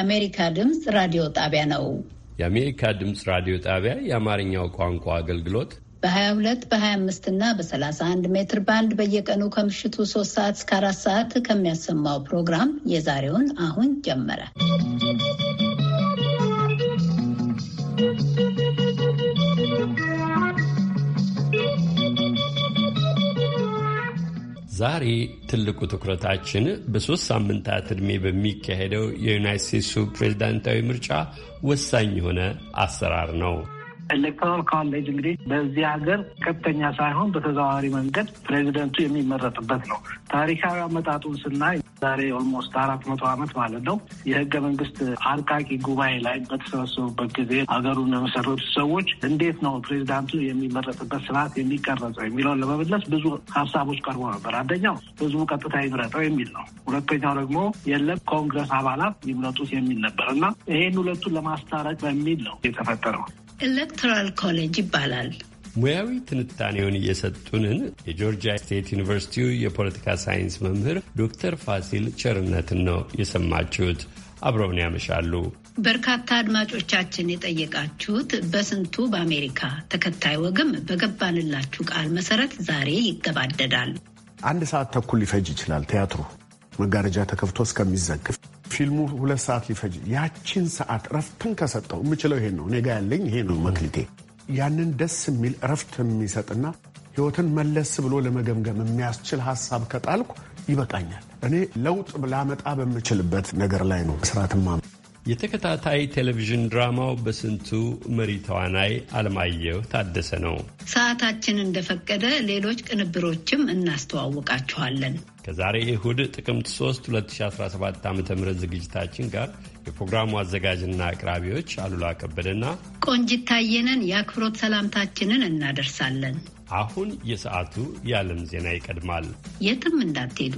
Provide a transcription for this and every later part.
የአሜሪካ ድምፅ ራዲዮ ጣቢያ ነው። የአሜሪካ ድምፅ ራዲዮ ጣቢያ የአማርኛው ቋንቋ አገልግሎት በ22 በ25 እና በ31 ሜትር ባንድ በየቀኑ ከምሽቱ 3 ሰዓት እስከ 4 ሰዓት ከሚያሰማው ፕሮግራም የዛሬውን አሁን ጀመረ። ዛሬ ትልቁ ትኩረታችን በሦስት ሳምንታት ዕድሜ በሚካሄደው የዩናይት ስቴትሱ ፕሬዚዳንታዊ ምርጫ ወሳኝ የሆነ አሰራር ነው። ኤሌክቶራል ኮሌጅ እንግዲህ በዚህ ሀገር ቀጥተኛ ሳይሆን በተዘዋዋሪ መንገድ ፕሬዚደንቱ የሚመረጥበት ነው። ታሪካዊ አመጣጡን ስናይ ዛሬ ኦልሞስት አራት መቶ ዓመት ማለት ነው የህገ መንግስት አርቃቂ ጉባኤ ላይ በተሰበሰቡበት ጊዜ ሀገሩን የመሰረቱ ሰዎች እንዴት ነው ፕሬዚዳንቱ የሚመረጥበት ስርዓት የሚቀረጸው የሚለውን ለመመለስ ብዙ ሀሳቦች ቀርቦ ነበር። አንደኛው ህዝቡ ቀጥታ ይምረጠው የሚል ነው። ሁለተኛው ደግሞ የለም ኮንግረስ አባላት ይምረጡት የሚል ነበር እና ይሄን ሁለቱን ለማስታረቅ በሚል ነው የተፈጠረው። ኤሌክቶራል ኮሌጅ ይባላል። ሙያዊ ትንታኔውን እየሰጡንን የጆርጂያ ስቴት ዩኒቨርሲቲው የፖለቲካ ሳይንስ መምህር ዶክተር ፋሲል ቸርነትን ነው የሰማችሁት። አብረውን ያመሻሉ። በርካታ አድማጮቻችን የጠየቃችሁት በስንቱ በአሜሪካ ተከታይ ወግም በገባንላችሁ ቃል መሰረት ዛሬ ይገባደዳል። አንድ ሰዓት ተኩል ሊፈጅ ይችላል። ቲያትሩ መጋረጃ ተከፍቶ እስከሚዘግፍ ፊልሙ ሁለት ሰዓት ሊፈጅ ያችን ሰዓት ረፍትን ከሰጠው የምችለው ይሄን ነው። እኔ ጋ ያለኝ ይሄ ነው መክሊቴ ያንን ደስ የሚል እረፍት የሚሰጥና ህይወትን መለስ ብሎ ለመገምገም የሚያስችል ሀሳብ ከጣልኩ ይበቃኛል። እኔ ለውጥ ላመጣ በምችልበት ነገር ላይ ነው ስራትማ። የተከታታይ ቴሌቪዥን ድራማው በስንቱ መሪ ተዋናይ አለማየሁ ታደሰ ነው። ሰዓታችን እንደፈቀደ ሌሎች ቅንብሮችም እናስተዋውቃችኋለን። ከዛሬ እሁድ ጥቅምት 3 2017 ዓ ም ዝግጅታችን ጋር የፕሮግራሙ አዘጋጅና አቅራቢዎች አሉላ ከበደና ቆንጂት ታየነን የአክብሮት ሰላምታችንን እናደርሳለን። አሁን የሰዓቱ የዓለም ዜና ይቀድማል። የትም እንዳትሄዱ።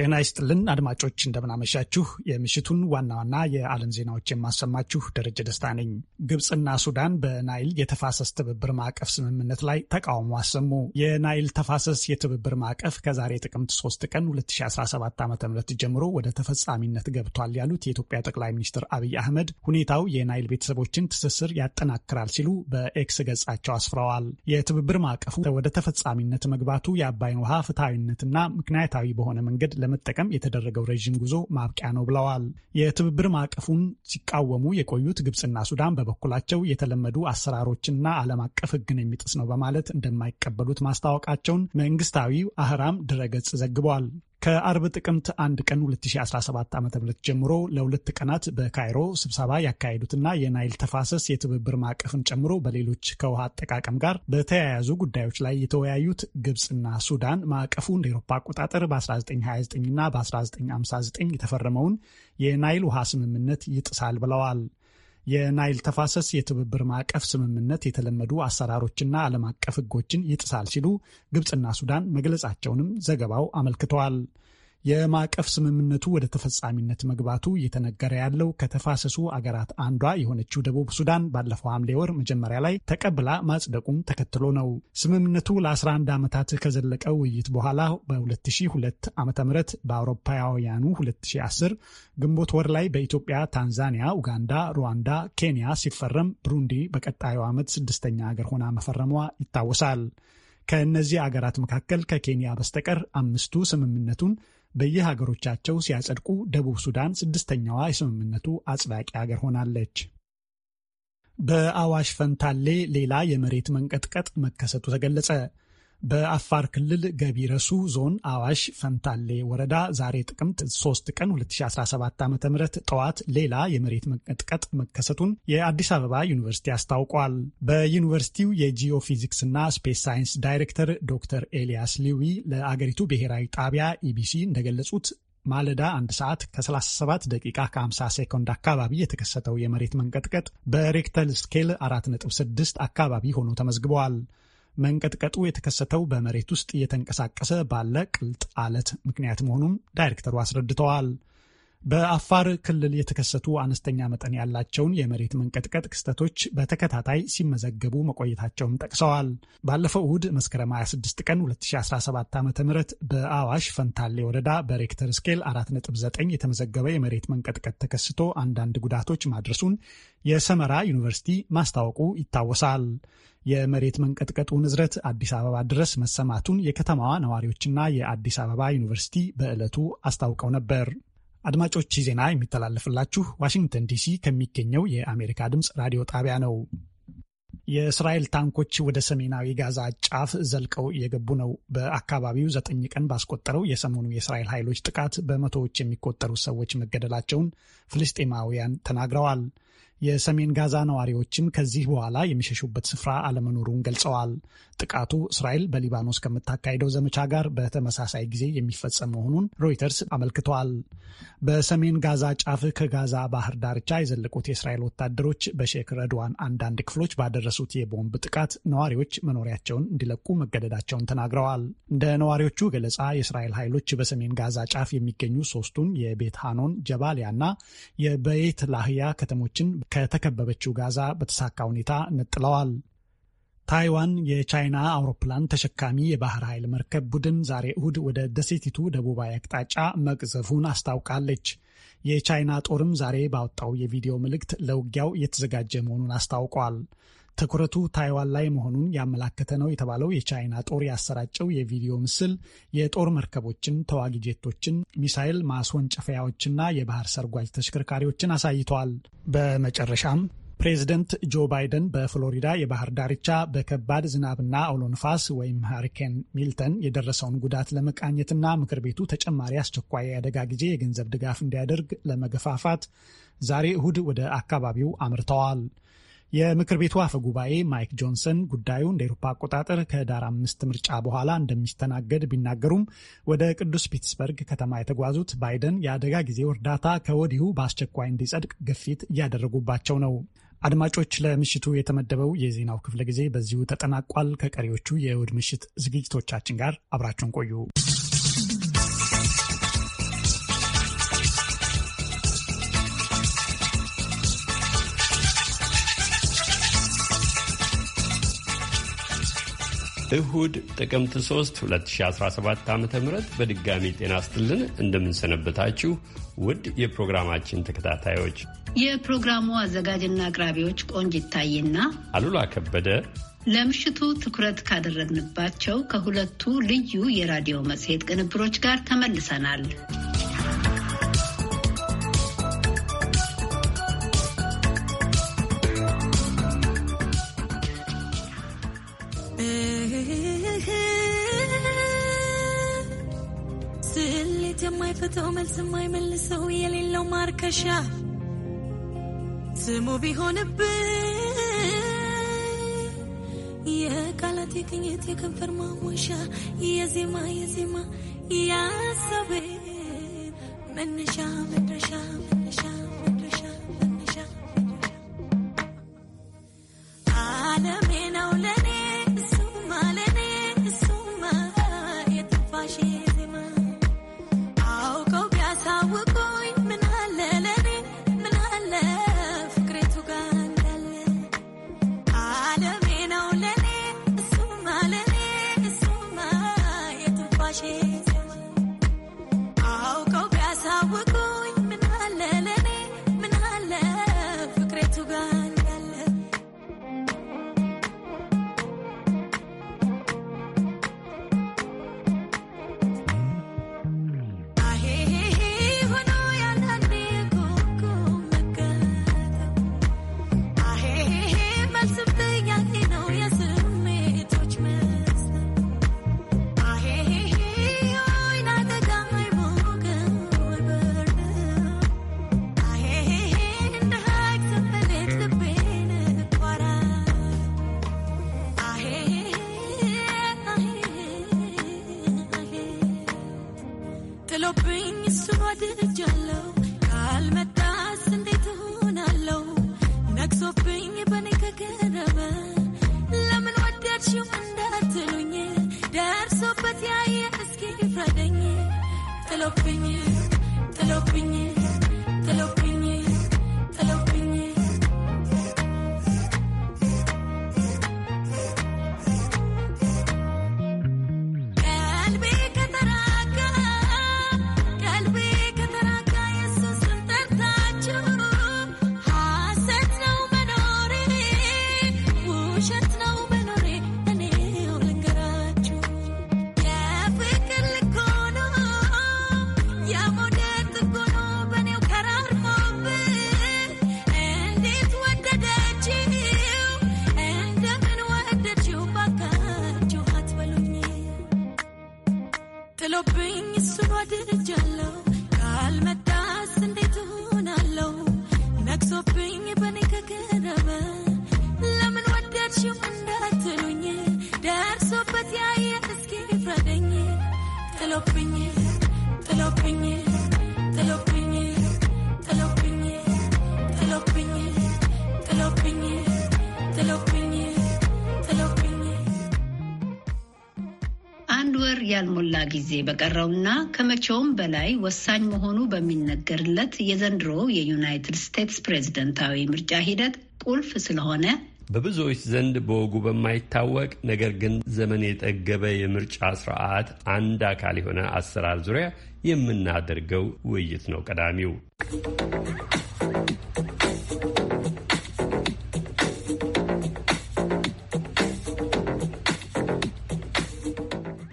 ጤና ይስጥልን አድማጮች፣ እንደምናመሻችሁ። የምሽቱን ዋና ዋና የዓለም ዜናዎች የማሰማችሁ ደረጀ ደስታ ነኝ። ግብፅና ሱዳን በናይል የተፋሰስ ትብብር ማዕቀፍ ስምምነት ላይ ተቃውሞ አሰሙ። የናይል ተፋሰስ የትብብር ማዕቀፍ ከዛሬ ጥቅምት 3 ቀን 2017 ዓ ም ጀምሮ ወደ ተፈጻሚነት ገብቷል ያሉት የኢትዮጵያ ጠቅላይ ሚኒስትር አብይ አህመድ ሁኔታው የናይል ቤተሰቦችን ትስስር ያጠናክራል ሲሉ በኤክስ ገጻቸው አስፍረዋል። የትብብር ማዕቀፉ ወደ ተፈጻሚነት መግባቱ የአባይን ውሃ ፍትሐዊነትና ምክንያታዊ በሆነ መንገድ ለመጠቀም የተደረገው ረዥም ጉዞ ማብቂያ ነው ብለዋል። የትብብር ማዕቀፉን ሲቃወሙ የቆዩት ግብፅና ሱዳን በበኩላቸው የተለመዱ አሰራሮችና ዓለም አቀፍ ሕግን የሚጥስ ነው በማለት እንደማይቀበሉት ማስታወቃቸውን መንግስታዊው አህራም ድረገጽ ዘግቧል። ከአርብ ጥቅምት አንድ ቀን 2017 ዓ ም ጀምሮ ለሁለት ቀናት በካይሮ ስብሰባ ያካሄዱትና የናይል ተፋሰስ የትብብር ማዕቀፍን ጨምሮ በሌሎች ከውሃ አጠቃቀም ጋር በተያያዙ ጉዳዮች ላይ የተወያዩት ግብፅና ሱዳን ማዕቀፉ እንደ ኤሮፓ አቆጣጠር በ 1929 እና በ1959 የተፈረመውን የናይል ውሃ ስምምነት ይጥሳል ብለዋል። የናይል ተፋሰስ የትብብር ማዕቀፍ ስምምነት የተለመዱ አሰራሮችና ዓለም አቀፍ ሕጎችን ይጥሳል ሲሉ ግብፅና ሱዳን መግለጻቸውንም ዘገባው አመልክተዋል። የማዕቀፍ ስምምነቱ ወደ ተፈጻሚነት መግባቱ እየተነገረ ያለው ከተፋሰሱ አገራት አንዷ የሆነችው ደቡብ ሱዳን ባለፈው ሐምሌ ወር መጀመሪያ ላይ ተቀብላ ማጽደቁን ተከትሎ ነው። ስምምነቱ ለ11 ዓመታት ከዘለቀ ውይይት በኋላ በ2002 ዓ ም በአውሮፓውያኑ 2010 ግንቦት ወር ላይ በኢትዮጵያ፣ ታንዛኒያ፣ ኡጋንዳ፣ ሩዋንዳ፣ ኬንያ ሲፈረም ብሩንዲ በቀጣዩ ዓመት ስድስተኛ አገር ሆና መፈረሟ ይታወሳል። ከእነዚህ አገራት መካከል ከኬንያ በስተቀር አምስቱ ስምምነቱን በየሀገሮቻቸው ሲያጸድቁ ደቡብ ሱዳን ስድስተኛዋ የስምምነቱ አጽዳቂ ሀገር ሆናለች። በአዋሽ ፈንታሌ ሌላ የመሬት መንቀጥቀጥ መከሰቱ ተገለጸ። በአፋር ክልል ገቢረሱ ዞን አዋሽ ፈንታሌ ወረዳ ዛሬ ጥቅምት 3 ቀን 2017 ዓ ም ጠዋት ሌላ የመሬት መንቀጥቀጥ መከሰቱን የአዲስ አበባ ዩኒቨርሲቲ አስታውቋል። በዩኒቨርሲቲው የጂኦፊዚክስ እና ስፔስ ሳይንስ ዳይሬክተር ዶክተር ኤልያስ ሊዊ ለአገሪቱ ብሔራዊ ጣቢያ ኢቢሲ እንደገለጹት ማለዳ አንድ ሰዓት ከ37 ደቂቃ ከ50 ሴኮንድ አካባቢ የተከሰተው የመሬት መንቀጥቀጥ በሬክተል ስኬል 4.6 አካባቢ ሆኖ ተመዝግበዋል። መንቀጥቀጡ የተከሰተው በመሬት ውስጥ እየተንቀሳቀሰ ባለ ቅልጥ አለት ምክንያት መሆኑን ዳይሬክተሩ አስረድተዋል። በአፋር ክልል የተከሰቱ አነስተኛ መጠን ያላቸውን የመሬት መንቀጥቀጥ ክስተቶች በተከታታይ ሲመዘገቡ መቆየታቸውን ጠቅሰዋል። ባለፈው እሁድ መስከረም 26 ቀን 2017 ዓ ም በአዋሽ ፈንታሌ ወረዳ በሬክተር ስኬል 4.9 የተመዘገበ የመሬት መንቀጥቀጥ ተከስቶ አንዳንድ ጉዳቶች ማድረሱን የሰመራ ዩኒቨርሲቲ ማስታወቁ ይታወሳል። የመሬት መንቀጥቀጡ ንዝረት አዲስ አበባ ድረስ መሰማቱን የከተማዋ ነዋሪዎችና የአዲስ አበባ ዩኒቨርሲቲ በዕለቱ አስታውቀው ነበር። አድማጮች ዜና የሚተላለፍላችሁ ዋሽንግተን ዲሲ ከሚገኘው የአሜሪካ ድምፅ ራዲዮ ጣቢያ ነው። የእስራኤል ታንኮች ወደ ሰሜናዊ ጋዛ ጫፍ ዘልቀው እየገቡ ነው። በአካባቢው ዘጠኝ ቀን ባስቆጠረው የሰሞኑ የእስራኤል ኃይሎች ጥቃት በመቶዎች የሚቆጠሩ ሰዎች መገደላቸውን ፍልስጤማውያን ተናግረዋል። የሰሜን ጋዛ ነዋሪዎችም ከዚህ በኋላ የሚሸሹበት ስፍራ አለመኖሩን ገልጸዋል። ጥቃቱ እስራኤል በሊባኖስ ከምታካሄደው ዘመቻ ጋር በተመሳሳይ ጊዜ የሚፈጸም መሆኑን ሮይተርስ አመልክተዋል። በሰሜን ጋዛ ጫፍ ከጋዛ ባህር ዳርቻ የዘለቁት የእስራኤል ወታደሮች በሼክ ረድዋን አንዳንድ ክፍሎች ባደረሱት የቦምብ ጥቃት ነዋሪዎች መኖሪያቸውን እንዲለቁ መገደዳቸውን ተናግረዋል። እንደ ነዋሪዎቹ ገለጻ የእስራኤል ኃይሎች በሰሜን ጋዛ ጫፍ የሚገኙ ሶስቱን የቤት ሃኖን፣ ጀባሊያ እና የበየት ላህያ ከተሞችን ከተከበበችው ጋዛ በተሳካ ሁኔታ ነጥለዋል። ታይዋን የቻይና አውሮፕላን ተሸካሚ የባህር ኃይል መርከብ ቡድን ዛሬ እሁድ ወደ ደሴቲቱ ደቡባዊ አቅጣጫ መቅዘፉን አስታውቃለች። የቻይና ጦርም ዛሬ ባወጣው የቪዲዮ ምልክት ለውጊያው እየተዘጋጀ መሆኑን አስታውቋል። ትኩረቱ ታይዋን ላይ መሆኑን ያመላከተ ነው የተባለው የቻይና ጦር ያሰራጨው የቪዲዮ ምስል የጦር መርከቦችን፣ ተዋጊ ጄቶችን፣ ሚሳይል ማስወንጨፈያዎችና የባህር ሰርጓጅ ተሽከርካሪዎችን አሳይተዋል። በመጨረሻም ፕሬዚደንት ጆ ባይደን በፍሎሪዳ የባህር ዳርቻ በከባድ ዝናብና አውሎ ንፋስ ወይም ሃሪኬን ሚልተን የደረሰውን ጉዳት ለመቃኘትና ምክር ቤቱ ተጨማሪ አስቸኳይ የአደጋ ጊዜ የገንዘብ ድጋፍ እንዲያደርግ ለመገፋፋት ዛሬ እሁድ ወደ አካባቢው አምርተዋል። የምክር ቤቱ አፈ ጉባኤ ማይክ ጆንሰን ጉዳዩ እንደ ኤሮፓ አቆጣጠር ከዳር አምስት ምርጫ በኋላ እንደሚስተናገድ ቢናገሩም ወደ ቅዱስ ፒትስበርግ ከተማ የተጓዙት ባይደን የአደጋ ጊዜው እርዳታ ከወዲሁ በአስቸኳይ እንዲጸድቅ ግፊት እያደረጉባቸው ነው። አድማጮች፣ ለምሽቱ የተመደበው የዜናው ክፍለ ጊዜ በዚሁ ተጠናቋል። ከቀሪዎቹ የእሁድ ምሽት ዝግጅቶቻችን ጋር አብራችሁን ቆዩ። እሁድ ጥቅምት 3 2017 ዓ ም በድጋሚ ጤና ስትልን እንደምንሰነበታችሁ ውድ የፕሮግራማችን ተከታታዮች የፕሮግራሙ አዘጋጅና አቅራቢዎች ቆንጅ ይታይና አሉላ ከበደ ለምሽቱ ትኩረት ካደረግንባቸው ከሁለቱ ልዩ የራዲዮ መጽሔት ቅንብሮች ጋር ተመልሰናል። የማይፈተው መልስ የማይመልሰው የሌለው ማርከሻ ስሙ ቢሆንብህ የቃላት የቅኝት የከንፈር ማሞሻ የዜማ የዜማ ያሰብ መነሻ መድረሻ መነሻ መድረሻ መነሻ አለሜ ነው ያልሞላ ጊዜ በቀረውና ከመቼውም በላይ ወሳኝ መሆኑ በሚነገርለት የዘንድሮ የዩናይትድ ስቴትስ ፕሬዝደንታዊ ምርጫ ሂደት ቁልፍ ስለሆነ በብዙዎች ዘንድ በወጉ በማይታወቅ ነገር ግን ዘመን የጠገበ የምርጫ ስርዓት አንድ አካል የሆነ አሰራር ዙሪያ የምናደርገው ውይይት ነው ቀዳሚው።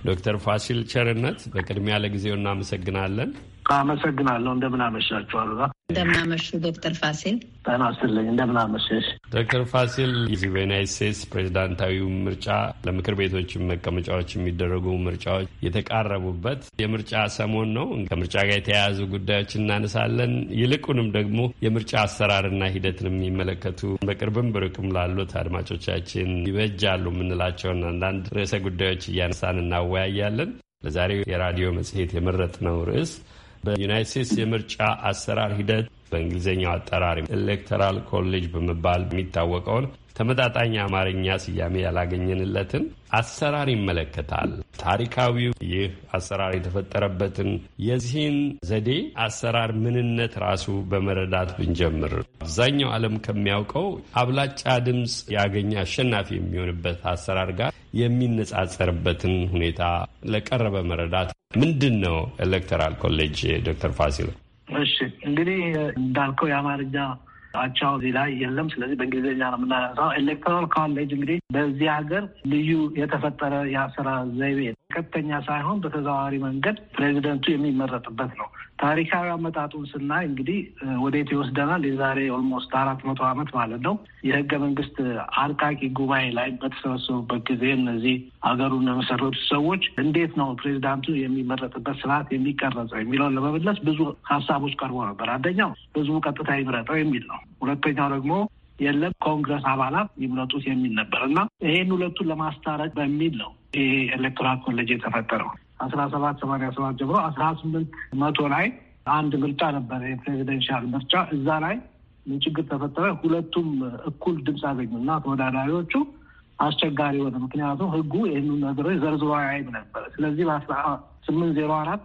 ዶክተር ፋሲል ቸርነት በቅድሚያ ለጊዜው እናመሰግናለን። አመሰግናለሁ። እንደምን አመሻችሁ አሉላ። እንደምናመሹ ዶክተር ፋሲል ጤና ይስጥልኝ። እንደምናመሸሽ ዶክተር ፋሲል የዚህ በዩናይት ስቴትስ ፕሬዚዳንታዊ ምርጫ ለምክር ቤቶች መቀመጫዎች የሚደረጉ ምርጫዎች የተቃረቡበት የምርጫ ሰሞን ነው። ከምርጫ ጋር የተያያዙ ጉዳዮች እናነሳለን። ይልቁንም ደግሞ የምርጫ አሰራርና ሂደትን የሚመለከቱ በቅርብም ብርቅም ላሉት አድማጮቻችን ይበጃሉ የምንላቸውን አንዳንድ ርዕሰ ጉዳዮች እያነሳን እናወያያለን። ለዛሬው የራዲዮ መጽሔት የመረጥነው ርዕስ በዩናይት ስቴትስ የምርጫ አሰራር ሂደት በእንግሊዝኛው አጠራር ኤሌክተራል ኮሌጅ በመባል የሚታወቀውን ተመጣጣኝ አማርኛ ስያሜ ያላገኘንለትን አሰራር ይመለከታል። ታሪካዊው ይህ አሰራር የተፈጠረበትን የዚህን ዘዴ አሰራር ምንነት ራሱ በመረዳት ብንጀምር አብዛኛው ዓለም ከሚያውቀው አብላጫ ድምፅ ያገኘ አሸናፊ የሚሆንበት አሰራር ጋር የሚነጻጸርበትን ሁኔታ ለቀረበ መረዳት ምንድን ነው ኤሌክቶራል ኮሌጅ ዶክተር ፋሲል? እሺ እንግዲህ እንዳልከው የአማርኛ አቻው እዚህ ላይ የለም። ስለዚህ በእንግሊዝኛ ነው የምናነሳው። ኤሌክቶራል ኮሌጅ እንግዲህ በዚህ ሀገር ልዩ የተፈጠረ የአሰራር ዘይቤ ቀጥተኛ ሳይሆን በተዘዋዋሪ መንገድ ፕሬዚደንቱ የሚመረጥበት ነው። ታሪካዊ አመጣጡን ስናይ እንግዲህ ወዴት ይወስደናል? የዛሬ ኦልሞስት አራት መቶ ዓመት ማለት ነው የህገ መንግስት አርቃቂ ጉባኤ ላይ በተሰበሰቡበት ጊዜ እነዚህ ሀገሩን የመሰረቱ ሰዎች እንዴት ነው ፕሬዚዳንቱ የሚመረጥበት ስርዓት የሚቀረጸው የሚለውን ለመመለስ ብዙ ሀሳቦች ቀርቦ ነበር። አንደኛው ህዝቡ ቀጥታ ይምረጠው የሚል ነው። ሁለተኛው ደግሞ የለም ኮንግረስ አባላት ይምረጡት የሚል ነበር እና ይሄን ሁለቱን ለማስታረቅ በሚል ነው ይሄ ኤሌክቶራል ኮሌጅ የተፈጠረው። አስራ ሰባት ሰማንያ ሰባት ጀምሮ አስራ ስምንት መቶ ላይ አንድ ምርጫ ነበረ፣ የፕሬዚደንሻል ምርጫ። እዛ ላይ ምን ችግር ተፈጠረ? ሁለቱም እኩል ድምፅ አገኙ እና ተወዳዳሪዎቹ አስቸጋሪ ሆነ። ምክንያቱም ህጉ ይህን ነገሮች ዘርዝሮ አያይም ነበረ። ስለዚህ በአስራ ስምንት ዜሮ አራት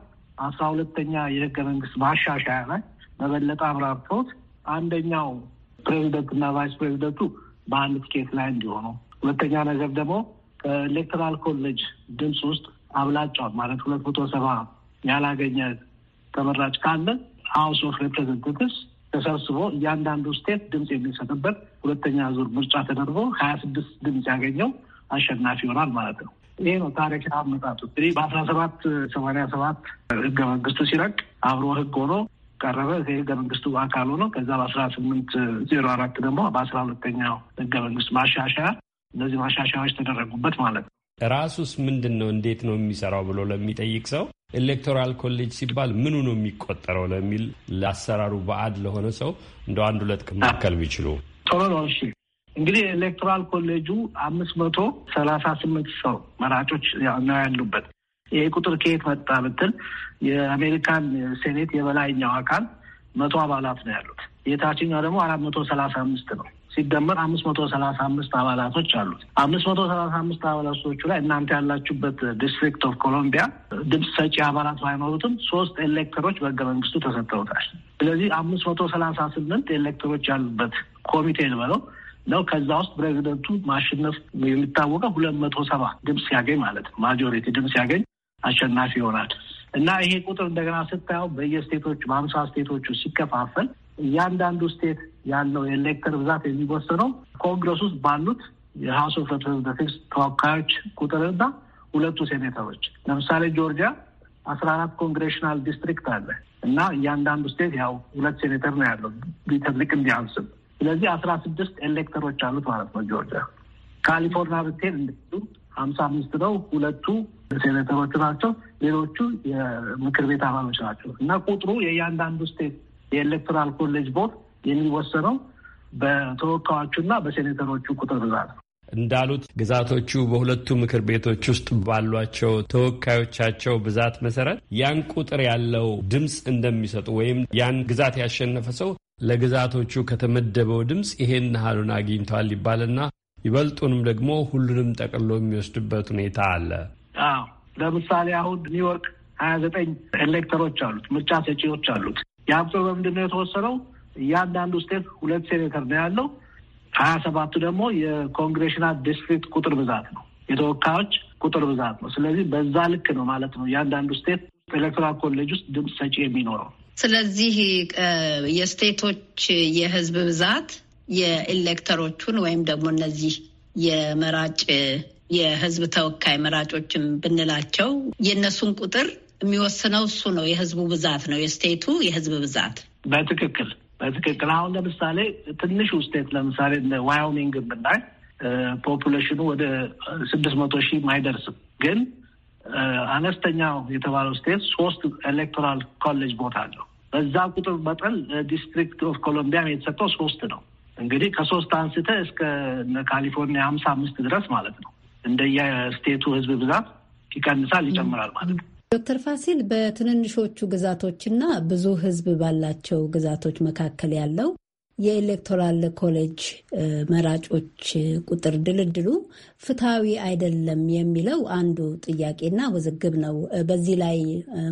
አስራ ሁለተኛ የህገ መንግስት ማሻሻያ ላይ በበለጠ አብራርተውት አንደኛው እና ቫይስ ፕሬዚደንቱ በአንድ ትኬት ላይ እንዲሆኑ፣ ሁለተኛ ነገር ደግሞ ከኤሌክትራል ኮሌጅ ድምፅ ውስጥ አብላጫውን ማለት ሁለት መቶ ሰባ ያላገኘ ተመራጭ ካለ ሀውስ ኦፍ ሬፕሬዘንታቲቭስ ተሰብስቦ እያንዳንዱ ስቴት ድምፅ የሚሰጥበት ሁለተኛ ዙር ምርጫ ተደርጎ ሀያ ስድስት ድምፅ ያገኘው አሸናፊ ይሆናል ማለት ነው። ይሄ ነው ታሪክ አመጣጡ። እንግዲህ በአስራ ሰባት ሰማንያ ሰባት ህገ መንግስቱ ሲረቅ አብሮ ህግ ሆኖ ቀረበ። ህገ መንግስቱ አካል ሆኖ ከዛ በአስራ ስምንት ዜሮ አራት ደግሞ በአስራ ሁለተኛው ህገ መንግስት ማሻሻያ እነዚህ ማሻሻያዎች ተደረጉበት ማለት ነው። ራሱስ ምንድን ነው እንዴት ነው የሚሰራው ብሎ ለሚጠይቅ ሰው ኤሌክቶራል ኮሌጅ ሲባል ምኑ ነው የሚቆጠረው ለሚል ለአሰራሩ በአድ ለሆነ ሰው እንደ አንድ ሁለት ቅም ቢችሉ ጥሩ ነው። እሺ እንግዲህ ኤሌክቶራል ኮሌጁ አምስት መቶ ሰላሳ ስምንት ሰው መራጮች ነው ያሉበት። ይህ ቁጥር ከየት መጣ ብትል የአሜሪካን ሴኔት የበላይኛው አካል መቶ አባላት ነው ያሉት። የታችኛው ደግሞ አራት መቶ ሰላሳ አምስት ነው። ሲደመር አምስት መቶ ሰላሳ አምስት አባላቶች አሉት። አምስት መቶ ሰላሳ አምስት አባላቶቹ ላይ እናንተ ያላችሁበት ዲስትሪክት ኦፍ ኮሎምቢያ ድምፅ ሰጪ አባላት ባይኖሩትም ሶስት ኤሌክተሮች በህገ መንግስቱ ተሰጥተውታል። ስለዚህ አምስት መቶ ሰላሳ ስምንት ኤሌክተሮች ያሉበት ኮሚቴ ልበለው ነው። ከዛ ውስጥ ፕሬዚደንቱ ማሸነፍ የሚታወቀው ሁለት መቶ ሰባ ድምፅ ሲያገኝ ማለት ነው። ማጆሪቲ ድምፅ ሲያገኝ አሸናፊ ይሆናል እና ይሄ ቁጥር እንደገና ስታየው በየስቴቶች በአምሳ ስቴቶቹ ሲከፋፈል እያንዳንዱ ስቴት ያለው የኤሌክተር ብዛት የሚወሰነው ኮንግረስ ውስጥ ባሉት የሀውስ ኦፍ ሬፕሬዘንታቲቭስ ተወካዮች ቁጥርና ሁለቱ ሴኔተሮች። ለምሳሌ ጆርጂያ አስራ አራት ኮንግሬሽናል ዲስትሪክት አለ እና እያንዳንዱ ስቴት ያው ሁለት ሴኔተር ነው ያለው ቢተልቅም ቢያንስም። ስለዚህ አስራ ስድስት ኤሌክተሮች አሉት ማለት ነው ጆርጂያ። ካሊፎርኒያ ብትሄድ እንዲሁ ሀምሳ አምስት ነው። ሁለቱ ሴኔተሮች ናቸው፣ ሌሎቹ የምክር ቤት አባሎች ናቸው እና ቁጥሩ የእያንዳንዱ ስቴት የኤሌክቶራል ኮሌጅ ቦርድ የሚወሰነው በተወካዮቹና በሴኔተሮቹ ቁጥር ብዛት ነው። እንዳሉት ግዛቶቹ በሁለቱ ምክር ቤቶች ውስጥ ባሏቸው ተወካዮቻቸው ብዛት መሰረት ያን ቁጥር ያለው ድምፅ እንደሚሰጡ ወይም ያን ግዛት ያሸነፈ ሰው ለግዛቶቹ ከተመደበው ድምፅ ይሄን ያህሉን አግኝቷል ይባልና ይበልጡንም ደግሞ ሁሉንም ጠቅሎ የሚወስድበት ሁኔታ አለ። አዎ፣ ለምሳሌ አሁን ኒውዮርክ ሀያ ዘጠኝ ኤሌክተሮች አሉት፣ ምርጫ ሰጪዎች አሉት። የሀብቶ በምንድን የተወሰነው? እያንዳንዱ ስቴት ሁለት ሴኔተር ነው ያለው። ሀያ ሰባቱ ደግሞ የኮንግሬሽናል ዲስትሪክት ቁጥር ብዛት ነው፣ የተወካዮች ቁጥር ብዛት ነው። ስለዚህ በዛ ልክ ነው ማለት ነው እያንዳንዱ ስቴት ኤሌክትራል ኮሌጅ ውስጥ ድምፅ ሰጪ የሚኖረው። ስለዚህ የስቴቶች የህዝብ ብዛት የኤሌክተሮቹን ወይም ደግሞ እነዚህ የመራጭ የህዝብ ተወካይ መራጮችን ብንላቸው የእነሱን ቁጥር የሚወስነው እሱ ነው። የህዝቡ ብዛት ነው የስቴቱ የህዝብ ብዛት በትክክል በትክክል አሁን ለምሳሌ ትንሹ ስቴት ለምሳሌ ዋዮሚንግ ብናይ ፖፑሌሽኑ ወደ ስድስት መቶ ሺህ አይደርስም። ግን አነስተኛው የተባለው ስቴት ሶስት ኤሌክቶራል ኮሌጅ ቦታ አለው። በዛ ቁጥር መጠን ዲስትሪክት ኦፍ ኮሎምቢያም የተሰጠው ሶስት ነው። እንግዲህ ከሶስት አንስተ እስከ ካሊፎርኒያ ሀምሳ አምስት ድረስ ማለት ነው። እንደየ ስቴቱ ህዝብ ብዛት ይቀንሳል ይጨምራል ማለት ነው። ዶክተር ፋሲል በትንንሾቹ ግዛቶችና ብዙ ህዝብ ባላቸው ግዛቶች መካከል ያለው የኤሌክቶራል ኮሌጅ መራጮች ቁጥር ድልድሉ ፍትሐዊ አይደለም የሚለው አንዱ ጥያቄና ውዝግብ ነው። በዚህ ላይ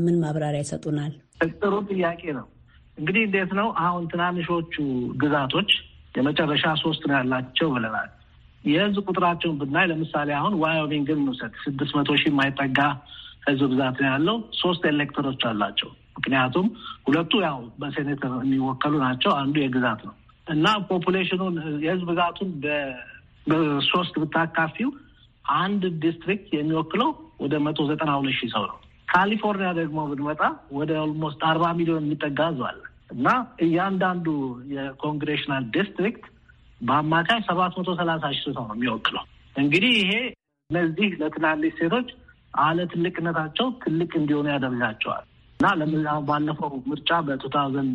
ምን ማብራሪያ ይሰጡናል? ጥሩ ጥያቄ ነው። እንግዲህ እንዴት ነው አሁን ትናንሾቹ ግዛቶች የመጨረሻ ሶስት ነው ያላቸው ብለናል። የህዝብ ቁጥራቸውን ብናይ ለምሳሌ አሁን ዋዮሚንግን እንውሰድ። ስድስት መቶ ሺህ የማይጠጋ ህዝብ ብዛት ነው ያለው። ሶስት ኤሌክተሮች አላቸው። ምክንያቱም ሁለቱ ያው በሴኔት የሚወከሉ ናቸው፣ አንዱ የግዛት ነው እና ፖፑሌሽኑን የህዝብ ብዛቱን በሶስት ብታካፊው አንድ ዲስትሪክት የሚወክለው ወደ መቶ ዘጠና ሁለት ሺህ ሰው ነው። ካሊፎርኒያ ደግሞ ብንመጣ ወደ ኦልሞስት አርባ ሚሊዮን የሚጠጋ ህዝብ አለ እና እያንዳንዱ የኮንግሬሽናል ዲስትሪክት በአማካይ ሰባት መቶ ሰላሳ ሺህ ሰው ነው የሚወክለው። እንግዲህ ይሄ እነዚህ ለትናንሽ ሴቶች አለ ትልቅነታቸው ትልቅ እንዲሆኑ ያደርጋቸዋል እና ባለፈው ምርጫ በቱ ታውዘንድ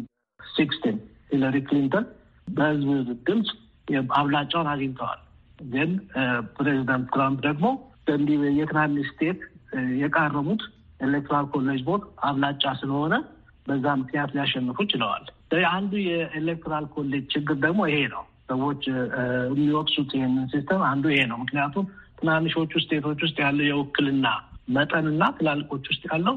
ሲክስቲን ሂለሪ ክሊንተን በህዝብ ድምፅ አብላጫውን አግኝተዋል። ግን ፕሬዚዳንት ትራምፕ ደግሞ እንዲህ የትናንሽ ስቴት የቃረሙት ኤሌክትራል ኮሌጅ ቦት አብላጫ ስለሆነ በዛ ምክንያት ሊያሸንፉ ችለዋል። አንዱ የኤሌክትራል ኮሌጅ ችግር ደግሞ ይሄ ነው። ሰዎች የሚወቅሱት ይህንን ሲስተም አንዱ ይሄ ነው። ምክንያቱም ትናንሾቹ ስቴቶች ውስጥ ያለው የውክልና መጠንና ትላልቆች ውስጥ ያለው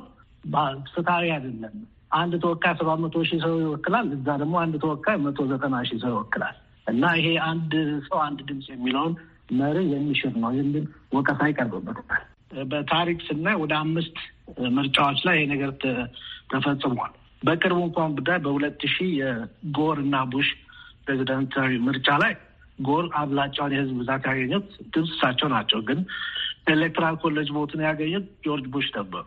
ፍትሐዊ አይደለም። አንድ ተወካይ ሰባት መቶ ሺህ ሰው ይወክላል፣ እዛ ደግሞ አንድ ተወካይ መቶ ዘጠና ሺህ ሰው ይወክላል እና ይሄ አንድ ሰው አንድ ድምፅ የሚለውን መርህ የሚሽር ነው የሚል ወቀሳ ይቀርብበታል። በታሪክ ስናይ ወደ አምስት ምርጫዎች ላይ ይሄ ነገር ተፈጽሟል። በቅርቡ እንኳን ጉዳይ በሁለት ሺህ የጎር እና ቡሽ ፕሬዚደንታዊ ምርጫ ላይ ጎል አብላጫውን የህዝብ ብዛት ያገኙት ድምፅ እሳቸው ናቸው። ግን ኤሌክትራል ኮሌጅ ቦትን ያገኙት ጆርጅ ቡሽ ነበሩ።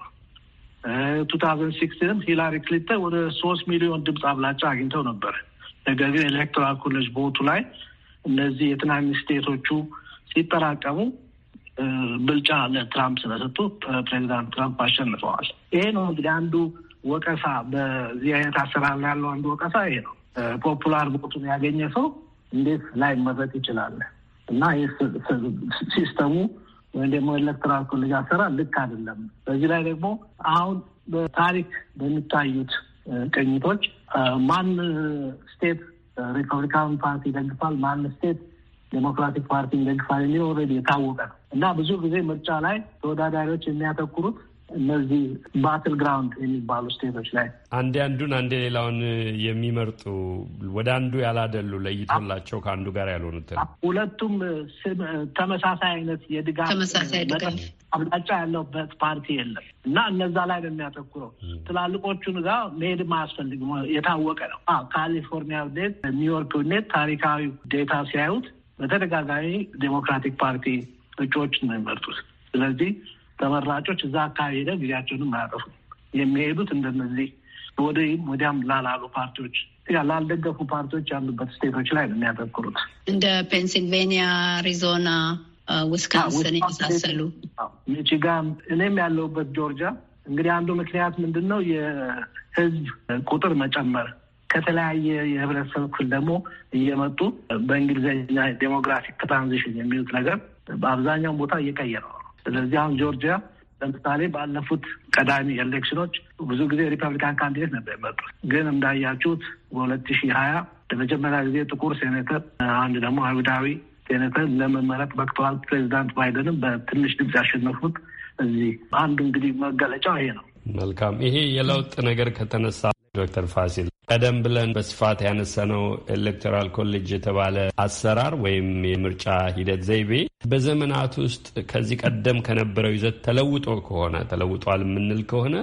ቱ ታውዘንድ ሲክስቲንም ሂላሪ ክሊንተን ወደ ሶስት ሚሊዮን ድምፅ አብላጫ አግኝተው ነበር። ነገር ግን ኤሌክትራል ኮሌጅ ቦቱ ላይ እነዚህ የትናንሽ ስቴቶቹ ሲጠራቀሙ ብልጫ ለትራምፕ ስለሰጡ ፕሬዚዳንት ትራምፕ አሸንፈዋል። ይሄ ነው እንግዲህ አንዱ ወቀሳ፣ በዚህ አይነት አሰራር ላይ ያለው አንዱ ወቀሳ ይሄ ነው። ፖፑላር ቦቱን ያገኘ ሰው እንዴት ላይ መረጥ ይችላል እና ሲስተሙ ወይም ደግሞ ኤሌክትራል ኮሌጅ አሰራር ልክ አይደለም። በዚህ ላይ ደግሞ አሁን በታሪክ በሚታዩት ቅኝቶች ማን ስቴት ሪፐብሊካን ፓርቲ ይደግፋል፣ ማን ስቴት ዴሞክራቲክ ፓርቲ ይደግፋል የሚለው ኦልሬዲ የታወቀ ነው እና ብዙ ጊዜ ምርጫ ላይ ተወዳዳሪዎች የሚያተኩሩት እነዚህ ባትል ግራውንድ የሚባሉ ስቴቶች ላይ አንዴ አንዱን አንዴ ሌላውን የሚመርጡ ወደ አንዱ ያላደሉ ለይቶላቸው ከአንዱ ጋር ያልሆኑት ሁለቱም ተመሳሳይ አይነት የድጋፍ ተመሳሳይ ድጋፍ አብላጫ ያለበት ፓርቲ የለም እና እነዛ ላይ ነው የሚያተኩረው። ትላልቆቹን ጋር መሄድ አያስፈልግም፣ የታወቀ ነው። ካሊፎርኒያ ዴት፣ ኒውዮርክ ዴት ታሪካዊ ዴታ ሲያዩት በተደጋጋሚ ዴሞክራቲክ ፓርቲ እጩዎች ነው የሚመርጡት። ስለዚህ ተመራጮች እዛ አካባቢ ሄደ ጊዜያቸውንም አያጠፉ የሚሄዱት እንደነዚህ ወደይም ወዲያም ላላሉ ፓርቲዎች ላልደገፉ ፓርቲዎች ያሉበት ስቴቶች ላይ ነው የሚያተኩሩት እንደ ፔንሲልቬኒያ፣ አሪዞና፣ ዊስካንስን የመሳሰሉ ሚቺጋን፣ እኔም ያለሁበት ጆርጂያ። እንግዲህ አንዱ ምክንያት ምንድን ነው የህዝብ ቁጥር መጨመር ከተለያየ የህብረተሰብ ክፍል ደግሞ እየመጡ በእንግሊዝኛ ዴሞግራፊክ ትራንዚሽን የሚሉት ነገር በአብዛኛውን ቦታ እየቀየረ ነው። ስለዚህ አሁን ጆርጂያ ለምሳሌ ባለፉት ቀዳሚ ኤሌክሽኖች ብዙ ጊዜ ሪፐብሊካን ካንዲዴት ነበር የመጡት። ግን እንዳያችሁት በሁለት ሺህ ሀያ ለመጀመሪያ ጊዜ ጥቁር ሴኔተር፣ አንድ ደግሞ አይሁዳዊ ሴኔተር ለመመረጥ በቅተዋል። ፕሬዚዳንት ባይደንም በትንሽ ድምፅ ያሸነፉት እዚህ አንዱ እንግዲህ መገለጫው ይሄ ነው። መልካም ይሄ የለውጥ ነገር ከተነሳ ዶክተር ፋሲል ቀደም ብለን በስፋት ያነሳነው ኤሌክቶራል ኮሌጅ የተባለ አሰራር ወይም የምርጫ ሂደት ዘይቤ በዘመናት ውስጥ ከዚህ ቀደም ከነበረው ይዘት ተለውጦ ከሆነ ተለውጧል የምንል ከሆነ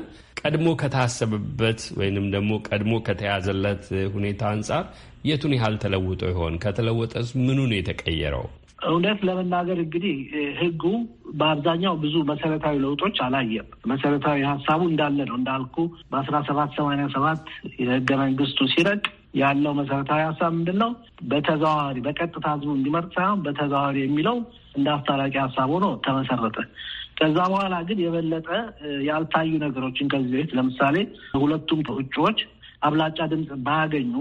ቀድሞ ከታሰበበት ወይንም ደግሞ ቀድሞ ከተያዘለት ሁኔታ አንጻር የቱን ያህል ተለውጦ ይሆን? ከተለወጠስ ምኑን የተቀየረው? እውነት ለመናገር እንግዲህ ህጉ በአብዛኛው ብዙ መሰረታዊ ለውጦች አላየም። መሰረታዊ ሀሳቡ እንዳለ ነው። እንዳልኩ በአስራ ሰባት ሰማንያ ሰባት የህገ መንግስቱ ሲረቅ ያለው መሰረታዊ ሀሳብ ምንድን ነው? በተዘዋዋሪ በቀጥታ ህዝቡ እንዲመርጥ ሳይሆን በተዘዋዋሪ የሚለው እንደ አስታራቂ ሀሳብ ሆኖ ተመሰረተ። ከዛ በኋላ ግን የበለጠ ያልታዩ ነገሮችን ከዚህ በፊት ለምሳሌ ሁለቱም እጩዎች አብላጫ ድምፅ ባያገኙ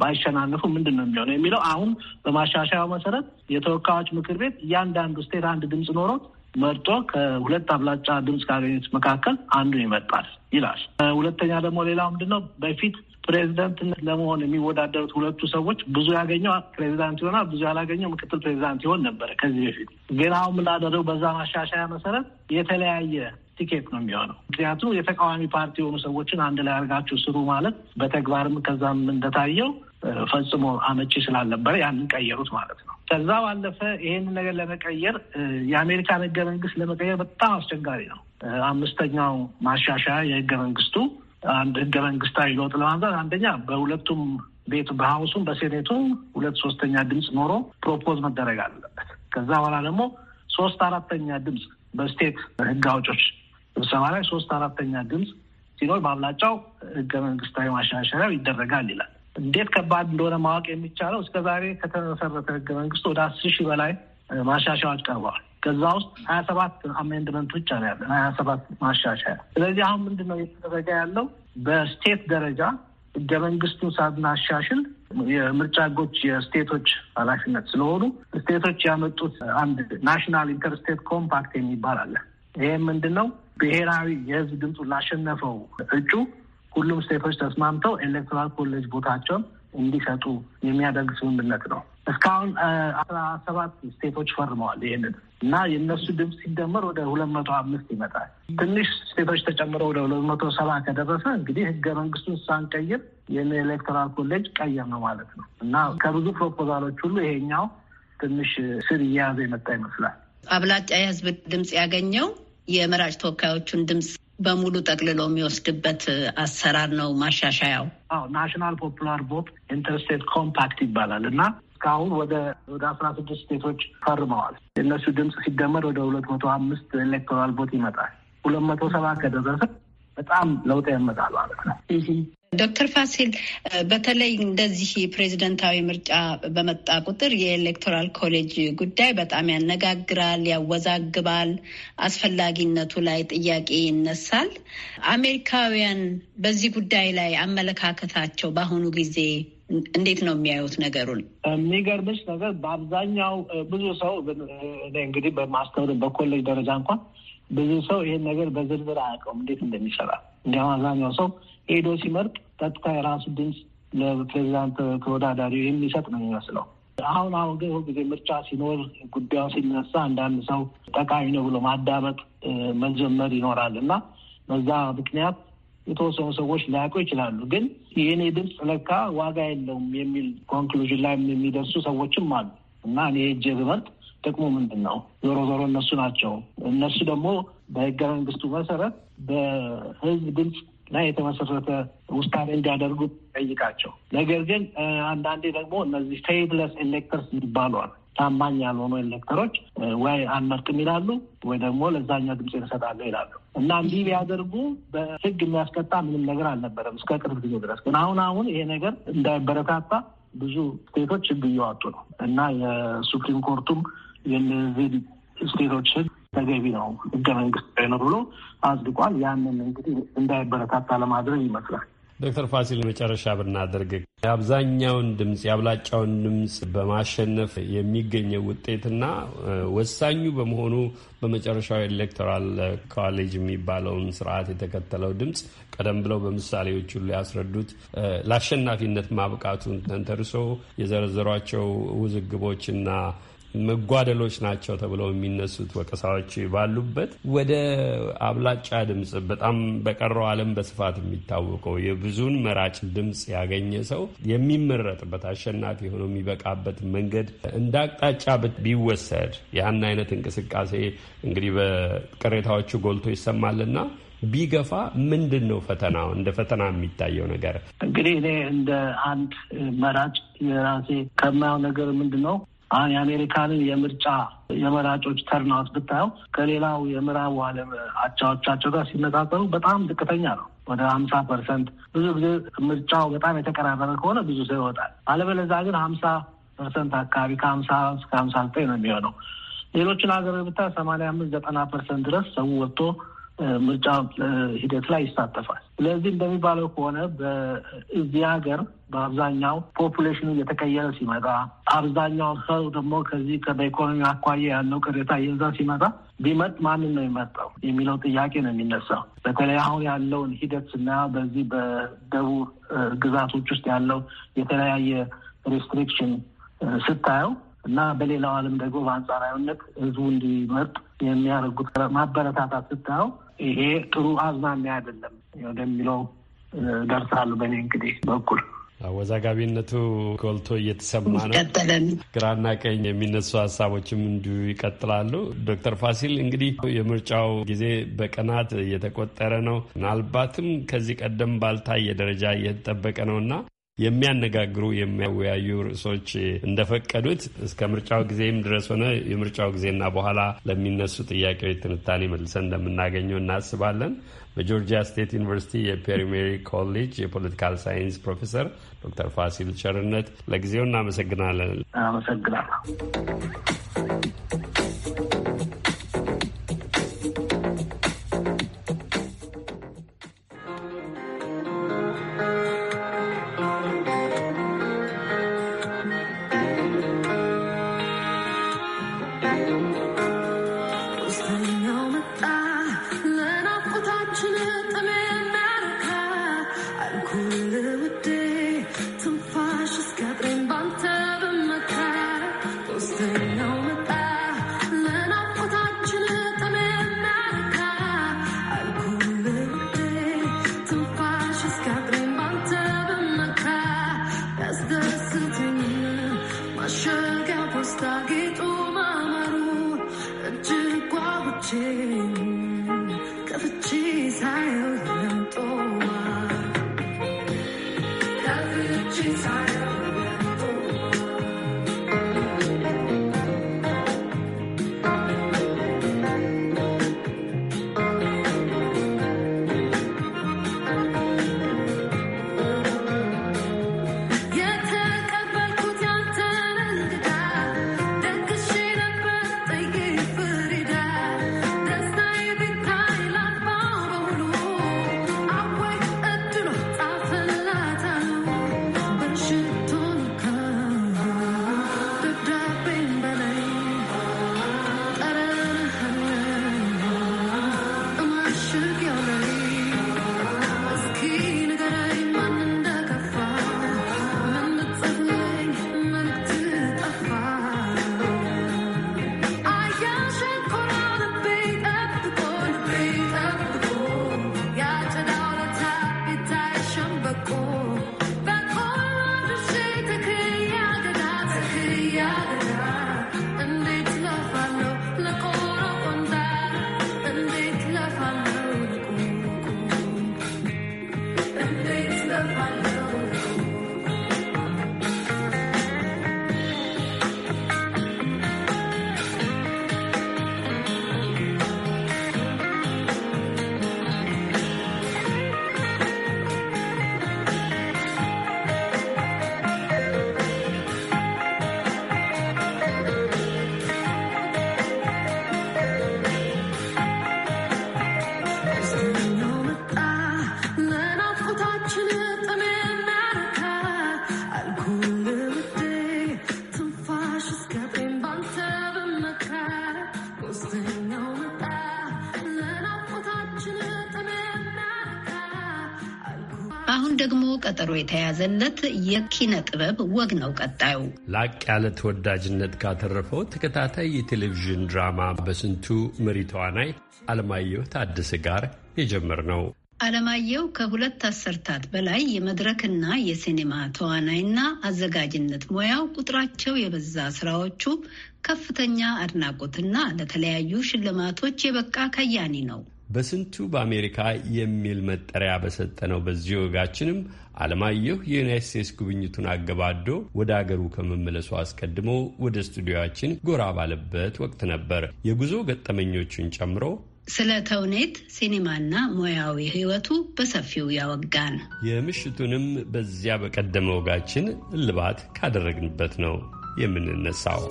ባይሸናነፉ ምንድን ነው የሚሆነው የሚለው አሁን በማሻሻያው መሰረት የተወካዮች ምክር ቤት እያንዳንዱ ስቴት አንድ ድምፅ ኖሮት መርጦ ከሁለት አብላጫ ድምፅ ካገኙት መካከል አንዱ ይመጣል ይላል። ሁለተኛ ደግሞ ሌላው ምንድን ነው በፊት ፕሬዚዳንትነት ለመሆን የሚወዳደሩት ሁለቱ ሰዎች ብዙ ያገኘው ፕሬዚዳንት ይሆናል፣ ብዙ ያላገኘው ምክትል ፕሬዚዳንት ይሆን ነበረ ከዚህ በፊት። ግን አሁን ምናደረው በዛ ማሻሻያ መሰረት የተለያየ ቲኬት ነው የሚሆነው። ምክንያቱም የተቃዋሚ ፓርቲ የሆኑ ሰዎችን አንድ ላይ አድርጋችሁ ስሩ ማለት በተግባርም ከዛም እንደታየው ፈጽሞ አመቺ ስላልነበረ ያንን ቀየሩት ማለት ነው። ከዛ ባለፈ ይሄንን ነገር ለመቀየር የአሜሪካን ህገ መንግስት ለመቀየር በጣም አስቸጋሪ ነው። አምስተኛው ማሻሻያ የህገ መንግስቱ አንድ ህገ መንግስታዊ ለውጥ ለማምጣት አንደኛ በሁለቱም ቤቱ በሀውሱም በሴኔቱም ሁለት ሶስተኛ ድምፅ ኖሮ ፕሮፖዝ መደረግ አለበት። ከዛ በኋላ ደግሞ ሶስት አራተኛ ድምፅ በስቴት ህግ አውጮች ስብሰባ ላይ ሶስት አራተኛ ድምፅ ሲኖር በአብላጫው ህገ መንግስታዊ ማሻሻያው ይደረጋል ይላል። እንዴት ከባድ እንደሆነ ማወቅ የሚቻለው እስከ ዛሬ ከተመሰረተ ህገ መንግስት ወደ አስር ሺህ በላይ ማሻሻያዎች ቀርበዋል። ከዛ ውስጥ ሀያ ሰባት አሜንድመንቶች አለ ያለን ሀያ ሰባት ማሻሻያ። ስለዚህ አሁን ምንድን ነው እየተደረገ ያለው? በስቴት ደረጃ ህገ መንግስቱን ሳናሻሽል የምርጫ ህጎች የስቴቶች ኃላፊነት ስለሆኑ ስቴቶች ያመጡት አንድ ናሽናል ኢንተርስቴት ኮምፓክት የሚባል አለ ይህ ምንድን ነው? ብሔራዊ የህዝብ ድምፁ ላሸነፈው እጩ ሁሉም ስቴቶች ተስማምተው ኤሌክትራል ኮሌጅ ቦታቸውን እንዲሰጡ የሚያደርግ ስምምነት ነው። እስካሁን አስራ ሰባት ስቴቶች ፈርመዋል ይህንን እና የእነሱ ድምፅ ሲደመር ወደ ሁለት መቶ አምስት ይመጣል። ትንሽ ስቴቶች ተጨምረው ወደ ሁለት መቶ ሰባ ከደረሰ እንግዲህ ህገ መንግስቱን ሳንቀይር ኤሌክትራል ኮሌጅ ቀየር ነው ማለት ነው እና ከብዙ ፕሮፖዛሎች ሁሉ ይሄኛው ትንሽ ስር እየያዘ የመጣ ይመስላል። አብላጫ የህዝብ ድምፅ ያገኘው የመራጭ ተወካዮቹን ድምፅ በሙሉ ጠቅልሎ የሚወስድበት አሰራር ነው ማሻሻያው። አዎ ናሽናል ፖፑላር ቮት ኢንተርስቴት ኮምፓክት ይባላል እና እስካሁን ወደ ወደ አስራ ስድስት ስቴቶች ፈርመዋል። የእነሱ ድምፅ ሲደመር ወደ ሁለት መቶ አምስት ኤሌክቶራል ቦት ይመጣል። ሁለት መቶ ሰባ ከደረሰ በጣም ለውጥ ያመጣል ማለት ነው። ዶክተር ፋሲል በተለይ እንደዚህ ፕሬዚደንታዊ ምርጫ በመጣ ቁጥር የኤሌክቶራል ኮሌጅ ጉዳይ በጣም ያነጋግራል፣ ያወዛግባል፣ አስፈላጊነቱ ላይ ጥያቄ ይነሳል። አሜሪካውያን በዚህ ጉዳይ ላይ አመለካከታቸው በአሁኑ ጊዜ እንዴት ነው የሚያዩት ነገሩን? የሚገርምሽ ነገር በአብዛኛው ብዙ ሰው እንግዲህ በማስተውል በኮሌጅ ደረጃ እንኳን ብዙ ሰው ይህን ነገር በዝርዝር አያውቀውም እንዴት እንደሚሰራ እንዲያውም አብዛኛው ሰው ሄዶ ሲመርጥ ቀጥታ የራሱ ድምፅ ለፕሬዚዳንት ተወዳዳሪ የሚሰጥ ነው የሚመስለው። አሁን አሁን ግን ሁልጊዜ ምርጫ ሲኖር ጉዳዩ ሲነሳ አንዳንድ ሰው ጠቃሚ ነው ብሎ ማዳመጥ መጀመር ይኖራል እና በዛ ምክንያት የተወሰኑ ሰዎች ሊያውቁ ይችላሉ። ግን የእኔ ድምፅ ለካ ዋጋ የለውም የሚል ኮንክሉዥን ላይ የሚደርሱ ሰዎችም አሉ እና እኔ ሄጄ ብመርጥ ጥቅሙ ምንድን ነው? ዞሮ ዞሮ እነሱ ናቸው። እነሱ ደግሞ በህገ መንግስቱ መሰረት በህዝብ ድምፅ ላይ የተመሰረተ ውሳኔ እንዲያደርጉ ጠይቃቸው። ነገር ግን አንዳንዴ ደግሞ እነዚህ ፌይዝለስ ኤሌክተርስ ይባሏል። ታማኝ ያልሆኑ ኤሌክተሮች ወይ አንመርጥም ይላሉ ወይ ደግሞ ለዛኛው ድምፅ እንሰጣለሁ ይላሉ እና እንዲህ ቢያደርጉ በሕግ የሚያስቀጣ ምንም ነገር አልነበረም እስከ ቅርብ ጊዜ ድረስ። ግን አሁን አሁን ይሄ ነገር እንዳይበረታታ ብዙ ስቴቶች ሕግ እያወጡ ነው እና የሱፕሪም ኮርቱም የነዚህ ስቴቶች ሕግ ተገቢ ነው ሕገ መንግስት ነው ብሎ አጽድቋል። ያንን እንግዲህ እንዳይበረታታ ለማድረግ ይመስላል። ዶክተር ፋሲል መጨረሻ ብናደርግ የአብዛኛውን ድምፅ የአብላጫውን ድምፅ በማሸነፍ የሚገኘው ውጤትና ወሳኙ በመሆኑ በመጨረሻው ኤሌክቶራል ኮሌጅ የሚባለውን ስርዓት የተከተለው ድምፅ ቀደም ብለው በምሳሌዎች ሁሉ ያስረዱት ለአሸናፊነት ማብቃቱን ተንተርሶ የዘረዘሯቸው ውዝግቦችና መጓደሎች ናቸው ተብለው የሚነሱት ወቀሳዎች ባሉበት ወደ አብላጫ ድምፅ በጣም በቀረው ዓለም በስፋት የሚታወቀው የብዙን መራጭ ድምፅ ያገኘ ሰው የሚመረጥበት አሸናፊ ሆኖ የሚበቃበት መንገድ እንደ አቅጣጫ ቢወሰድ ያን አይነት እንቅስቃሴ እንግዲህ በቅሬታዎቹ ጎልቶ ይሰማልና ቢገፋ ምንድን ነው ፈተናው? እንደ ፈተና የሚታየው ነገር እንግዲህ እኔ እንደ አንድ መራጭ የራሴ ከማየው ነገር ምንድን ነው አሁን የአሜሪካንን የምርጫ የመራጮች ተርናውት ብታየው ከሌላው የምዕራቡ ዓለም አቻዎቻቸው ጋር ሲነጻጸሩ በጣም ዝቅተኛ ነው። ወደ ሀምሳ ፐርሰንት ብዙ ጊዜ ምርጫው በጣም የተቀራረበ ከሆነ ብዙ ሰው ይወጣል። አለበለዛ ግን ሀምሳ ፐርሰንት አካባቢ ከሀምሳ እስከ ሀምሳ ዘጠኝ ነው የሚሆነው። ሌሎችን ሀገር ብታይ ሰማንያ አምስት ዘጠና ፐርሰንት ድረስ ሰው ወጥቶ ምርጫ ሂደት ላይ ይሳተፋል። ስለዚህ እንደሚባለው ከሆነ በዚህ ሀገር በአብዛኛው ፖፑሌሽኑ እየተቀየረ ሲመጣ አብዛኛው ሰው ደግሞ ከዚህ በኢኮኖሚ አኳያ ያለው ቅሬታ እየዛ ሲመጣ ቢመጥ ማንን ነው የመጣው የሚለው ጥያቄ ነው የሚነሳው። በተለይ አሁን ያለውን ሂደት ስናየው በዚህ በደቡብ ግዛቶች ውስጥ ያለው የተለያየ ሪስትሪክሽን ስታየው እና በሌላው ዓለም ደግሞ በአንጻራዊነት ህዝቡ እንዲመርጥ የሚያደርጉት ማበረታታት ስታየው ይሄ ጥሩ አዝማሚያ አይደለም ወደሚለው ደርሳሉ። በእኔ እንግዲህ በኩል አወዛጋቢነቱ ጎልቶ እየተሰማ ነው። ግራና ቀኝ የሚነሱ ሀሳቦችም እንዲሁ ይቀጥላሉ። ዶክተር ፋሲል እንግዲህ የምርጫው ጊዜ በቀናት እየተቆጠረ ነው። ምናልባትም ከዚህ ቀደም ባልታየ ደረጃ እየተጠበቀ ነው እና የሚያነጋግሩ የሚያወያዩ ርዕሶች እንደፈቀዱት እስከ ምርጫው ጊዜም ድረስ ሆነ የምርጫው ጊዜና በኋላ ለሚነሱ ጥያቄዎች ትንታኔ መልሰን እንደምናገኘው እናስባለን። በጆርጂያ ስቴት ዩኒቨርሲቲ የፔሪሜሪ ኮሌጅ የፖለቲካል ሳይንስ ፕሮፌሰር ዶክተር ፋሲል ቸርነት ለጊዜው እናመሰግናለን። አመሰግናለሁ። የተያዘለት የኪነ ጥበብ ወግ ነው። ቀጣዩ ላቅ ያለ ተወዳጅነት ካተረፈው ተከታታይ የቴሌቪዥን ድራማ በስንቱ መሪ ተዋናይ አለማየሁ ታደሰ ጋር ነው። አለማየሁ ከሁለት አሰርታት በላይ የመድረክና የሲኔማ ተዋናይና አዘጋጅነት ሙያው ቁጥራቸው የበዛ ስራዎቹ ከፍተኛ አድናቆትና ለተለያዩ ሽልማቶች የበቃ ከያኒ ነው። በስንቱ በአሜሪካ የሚል መጠሪያ በሰጠነው በዚህ ወጋችንም አለማየሁ የዩናይት ስቴትስ ጉብኝቱን አገባዶ ወደ አገሩ ከመመለሱ አስቀድሞ ወደ ስቱዲዮችን ጎራ ባለበት ወቅት ነበር። የጉዞ ገጠመኞቹን ጨምሮ ስለ ተውኔት ሲኒማና ሙያዊ ሕይወቱ በሰፊው ያወጋን የምሽቱንም በዚያ በቀደመ ወጋችን እልባት ካደረግንበት ነው የምንነሳው።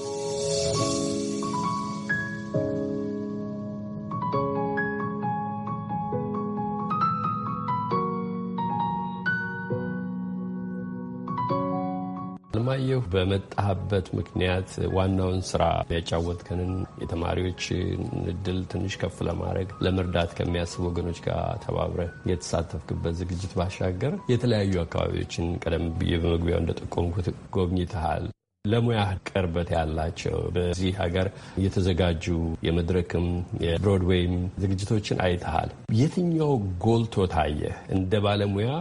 አለማየሁ በመጣህበት ምክንያት ዋናውን ስራ ያጫወትከንን የተማሪዎችን እድል ትንሽ ከፍ ለማድረግ ለመርዳት ከሚያስቡ ወገኖች ጋር ተባብረ የተሳተፍክበት ዝግጅት ባሻገር የተለያዩ አካባቢዎችን ቀደም ብዬ በመግቢያው እንደጠቆምኩት ጎብኝተሃል። ለሙያህ ቅርበት ያላቸው በዚህ ሀገር የተዘጋጁ የመድረክም የብሮድዌይም ዝግጅቶችን አይተሃል። የትኛው ጎልቶ ታየህ? እንደ ባለሙያ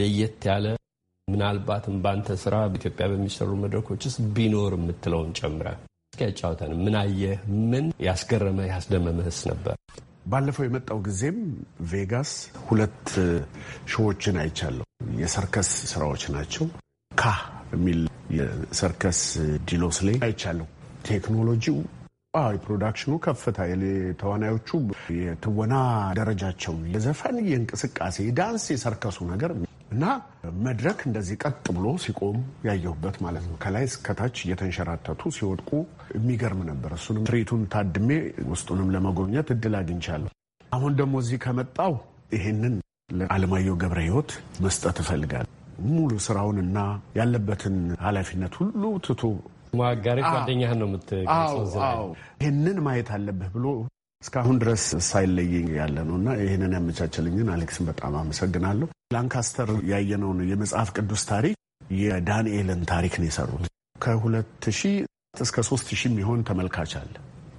ለየት ያለ ምናልባትም በአንተ ስራ በኢትዮጵያ በሚሰሩ መድረኮች ቢኖር የምትለውን ጨምረ እስኪ ያጫውተን። ምን አየህ? ምን ያስገረመ ያስደመመህስ ነበር? ባለፈው የመጣው ጊዜም ቬጋስ ሁለት ሾዎችን አይቻለሁ። የሰርከስ ስራዎች ናቸው። ካ የሚል የሰርከስ ላይ አይቻለሁ። ቴክኖሎጂው የፕሮዳክሽኑ ከፍታ ተዋናዮቹ የትወና ደረጃቸው የዘፈን የእንቅስቃሴ ዳንስ የሰርከሱ ነገር እና መድረክ እንደዚህ ቀጥ ብሎ ሲቆም ያየሁበት ማለት ነው። ከላይ እስከታች እየተንሸራተቱ ሲወድቁ የሚገርም ነበር። እሱንም ትርኢቱን ታድሜ ውስጡንም ለመጎብኘት እድል አግኝቻለሁ። አሁን ደግሞ እዚህ ከመጣው ይሄንን ለአለማየሁ ገብረ ህይወት መስጠት እፈልጋል። ሙሉ ስራውንና ያለበትን ኃላፊነት ሁሉ ትቶ ማጋሪ ጓደኛህን ነው የምትገልጸው። ይህንን ማየት አለብህ ብሎ እስካሁን ድረስ ሳይለይ ያለ ነው እና ይህንን ያመቻቸልኝን አሌክስን በጣም አመሰግናለሁ። ላንካስተር ያየነውን የመጽሐፍ ቅዱስ ታሪክ የዳንኤልን ታሪክ ነው የሰሩት። ከሁለት ሺህ እስከ ሶስት ሺህ የሚሆን ተመልካች አለ።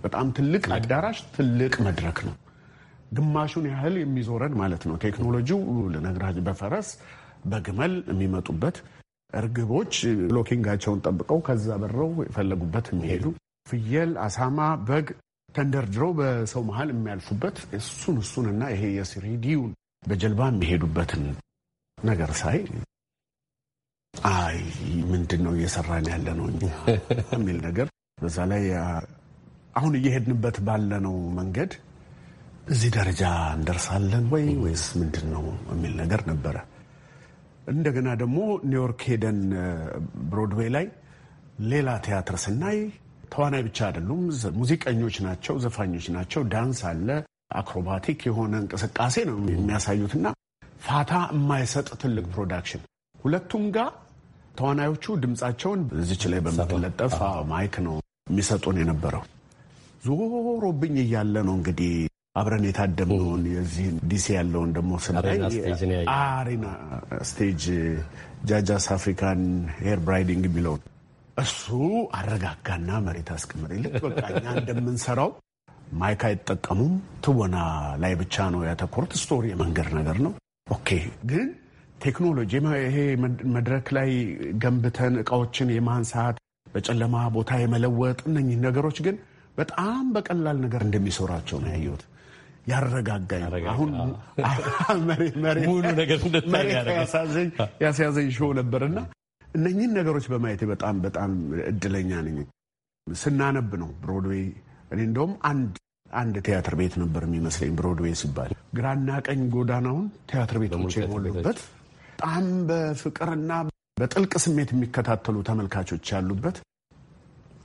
በጣም ትልቅ አዳራሽ፣ ትልቅ መድረክ ነው። ግማሹን ያህል የሚዞረን ማለት ነው። ቴክኖሎጂው ልነግራችሁ በፈረስ በግመል የሚመጡበት እርግቦች ሎኪንጋቸውን ጠብቀው ከዛ በረው የፈለጉበት የሚሄዱ ፍየል፣ አሳማ፣ በግ ተንደርድረው በሰው መሀል የሚያልፉበት እሱን እና ይሄ የስሪዲውን በጀልባ የሚሄዱበትን ነገር ሳይ አይ ምንድን ነው እየሰራን ያለ ነው የሚል ነገር በዛ ላይ አሁን እየሄድንበት ባለነው መንገድ እዚህ ደረጃ እንደርሳለን ወይ ወይስ ምንድን ነው የሚል ነገር ነበረ። እንደገና ደግሞ ኒውዮርክ ሄደን ብሮድዌይ ላይ ሌላ ቲያትር ስናይ ተዋናይ ብቻ አይደሉም፣ ሙዚቀኞች ናቸው፣ ዘፋኞች ናቸው። ዳንስ አለ፣ አክሮባቲክ የሆነ እንቅስቃሴ ነው የሚያሳዩት የሚያሳዩትና ፋታ የማይሰጥ ትልቅ ፕሮዳክሽን ሁለቱም ጋር ተዋናዮቹ ድምፃቸውን እዚች ላይ በምትለጠፍ ማይክ ነው የሚሰጡን የነበረው። ዞሮብኝ እያለ ነው እንግዲህ አብረን የታደምነውን የዚህ ዲሲ ያለውን ደግሞ ስናይ አሪና ስቴጅ ጃጃስ አፍሪካን ሄር ብራይዲንግ የሚለውን እሱ አረጋጋና መሬት አስቀምጥ ይልቅ በቃ እኛ እንደምንሰራው ማይክ አይጠቀሙም። ትወና ላይ ብቻ ነው ያተኮሩት። ስቶሪ የመንገድ ነገር ነው። ኦኬ ግን ቴክኖሎጂ ይሄ መድረክ ላይ ገንብተን እቃዎችን የማንሳት በጨለማ ቦታ የመለወጥ እነኚህ ነገሮች ግን በጣም በቀላል ነገር እንደሚሰራቸው ነው ያየሁት። ያረጋጋኝ አሁን መሬት ያሳዘኝ ሾው ነበርና እነኚህን ነገሮች በማየት በጣም በጣም እድለኛ ነኝ። ስናነብ ነው ብሮድዌይ። እኔ እንደውም አንድ አንድ ቲያትር ቤት ነበር የሚመስለኝ ብሮድዌይ ሲባል ግራና ቀኝ ጎዳናውን ቲያትር ቤቶች የሞሉበት በጣም በፍቅርና በጥልቅ ስሜት የሚከታተሉ ተመልካቾች ያሉበት።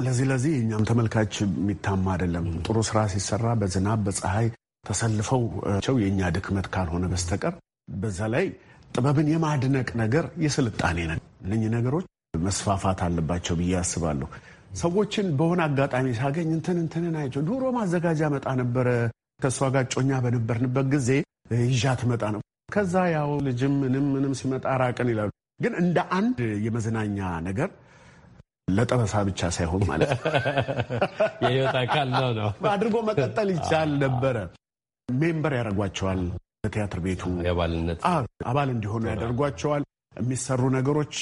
ለዚህ ለዚህ የእኛም ተመልካች የሚታማ አይደለም። ጥሩ ስራ ሲሰራ በዝናብ በፀሐይ ተሰልፈው ቸው የእኛ ድክመት ካልሆነ በስተቀር በዛ ላይ ጥበብን የማድነቅ ነገር የስልጣኔ ነ እነኚህ ነገሮች መስፋፋት አለባቸው ብዬ አስባለሁ። ሰዎችን በሆነ አጋጣሚ ሳገኝ እንትን እንትንን አይቼው ዱሮ ማዘጋጃ መጣ ነበረ ከእሷ ጋር ጮኛ በነበርንበት ጊዜ ይዣት መጣ ነው። ከዛ ያው ልጅም ምንም ምንም ሲመጣ ራቅን ይላሉ። ግን እንደ አንድ የመዝናኛ ነገር ለጠበሳ ብቻ ሳይሆን ማለት የህይወት አካል ነው ነው አድርጎ መቀጠል ይቻል ነበረ። ሜምበር ያደርጓቸዋል ለቲያትር ቤቱ አባል እንዲሆኑ ያደርጓቸዋል። የሚሰሩ ነገሮች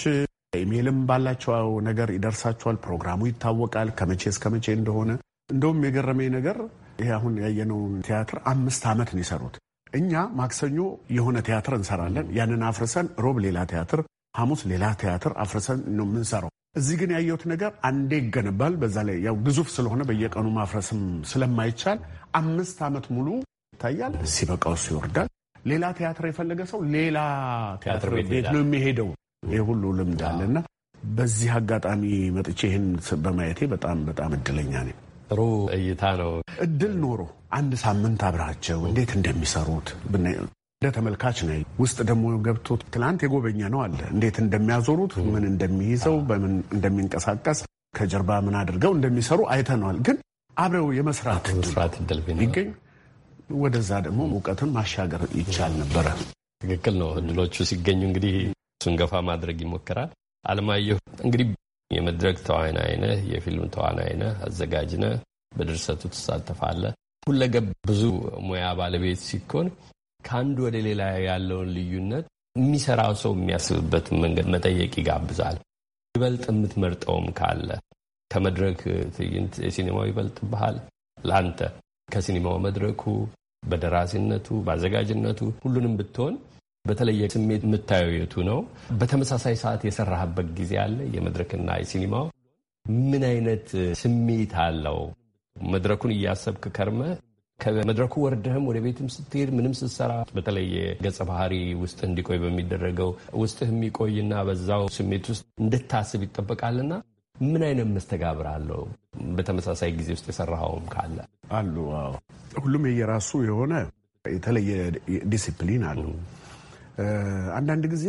ኢሜልም ባላቸው ነገር ይደርሳቸዋል። ፕሮግራሙ ይታወቃል፣ ከመቼ እስከ መቼ እንደሆነ። እንደውም የገረመኝ ነገር ይሄ አሁን ያየነውን ቲያትር አምስት ዓመት ነው የሰሩት። እኛ ማክሰኞ የሆነ ቲያትር እንሰራለን፣ ያንን አፍርሰን ሮብ ሌላ ቲያትር፣ ሐሙስ ሌላ ቲያትር አፍርሰን ነው የምንሰራው። እዚህ ግን ያየሁት ነገር አንዴ ይገነባል። በዛ ላይ ያው ግዙፍ ስለሆነ በየቀኑ ማፍረስም ስለማይቻል አምስት ዓመት ሙሉ ይታያል። ሲበቃው እሱ ይወርዳል። ሌላ ቲያትር የፈለገ ሰው ሌላ ቲያትር ቤት ነው የሚሄደው። ይህ ሁሉ ልምድ አለና በዚህ አጋጣሚ መጥቼ ይህን በማየቴ በጣም በጣም እድለኛ ነኝ። ጥሩ እይታ ነው። እድል ኖሮ አንድ ሳምንት አብራቸው እንዴት እንደሚሰሩት እንደ ተመልካች ነ ውስጥ ደግሞ ገብቶ ትላንት የጎበኘ ነው አለ እንዴት እንደሚያዞሩት፣ ምን እንደሚይዘው፣ በምን እንደሚንቀሳቀስ፣ ከጀርባ ምን አድርገው እንደሚሰሩ አይተነዋል። ግን አብረው የመስራት ይገኝ ወደዛ ደግሞ እውቀትን ማሻገር ይቻል ነበረ። ትክክል ነው። እድሎቹ ሲገኙ እንግዲህ እሱን ገፋ ማድረግ ይሞከራል። አለማየሁ እንግዲህ የመድረክ ተዋናይ ነህ፣ የፊልም ተዋናይ ነህ፣ አዘጋጅ ነህ፣ በድርሰቱ ትሳተፋለህ። ሁለገብ ብዙ ሙያ ባለቤት ሲኮን ከአንዱ ወደ ሌላ ያለውን ልዩነት የሚሰራው ሰው የሚያስብበትን መንገድ መጠየቅ ይጋብዛል። ይበልጥ የምትመርጠውም ካለ ከመድረክ ትዕይንት የሲኔማው ይበልጥ ብሃል ለአንተ ከሲኔማው መድረኩ በደራሲነቱ በአዘጋጅነቱ ሁሉንም ብትሆን በተለየ ስሜት የምታየው የቱ ነው? በተመሳሳይ ሰዓት የሰራህበት ጊዜ አለ? የመድረክና የሲኒማው ምን አይነት ስሜት አለው? መድረኩን እያሰብክ ከርመ ከመድረኩ ወርደህም ወደ ቤትም ስትሄድ ምንም ስትሰራ በተለየ ገጸ ባህሪ ውስጥ እንዲቆይ በሚደረገው ውስጥህ የሚቆይና በዛው ስሜት ውስጥ እንድታስብ ይጠበቃልና ምን አይነት መስተጋብር አለው? በተመሳሳይ ጊዜ ውስጥ የሰራኸውም ካለ አሉ። ሁሉም የየራሱ የሆነ የተለየ ዲሲፕሊን አለው። አንዳንድ ጊዜ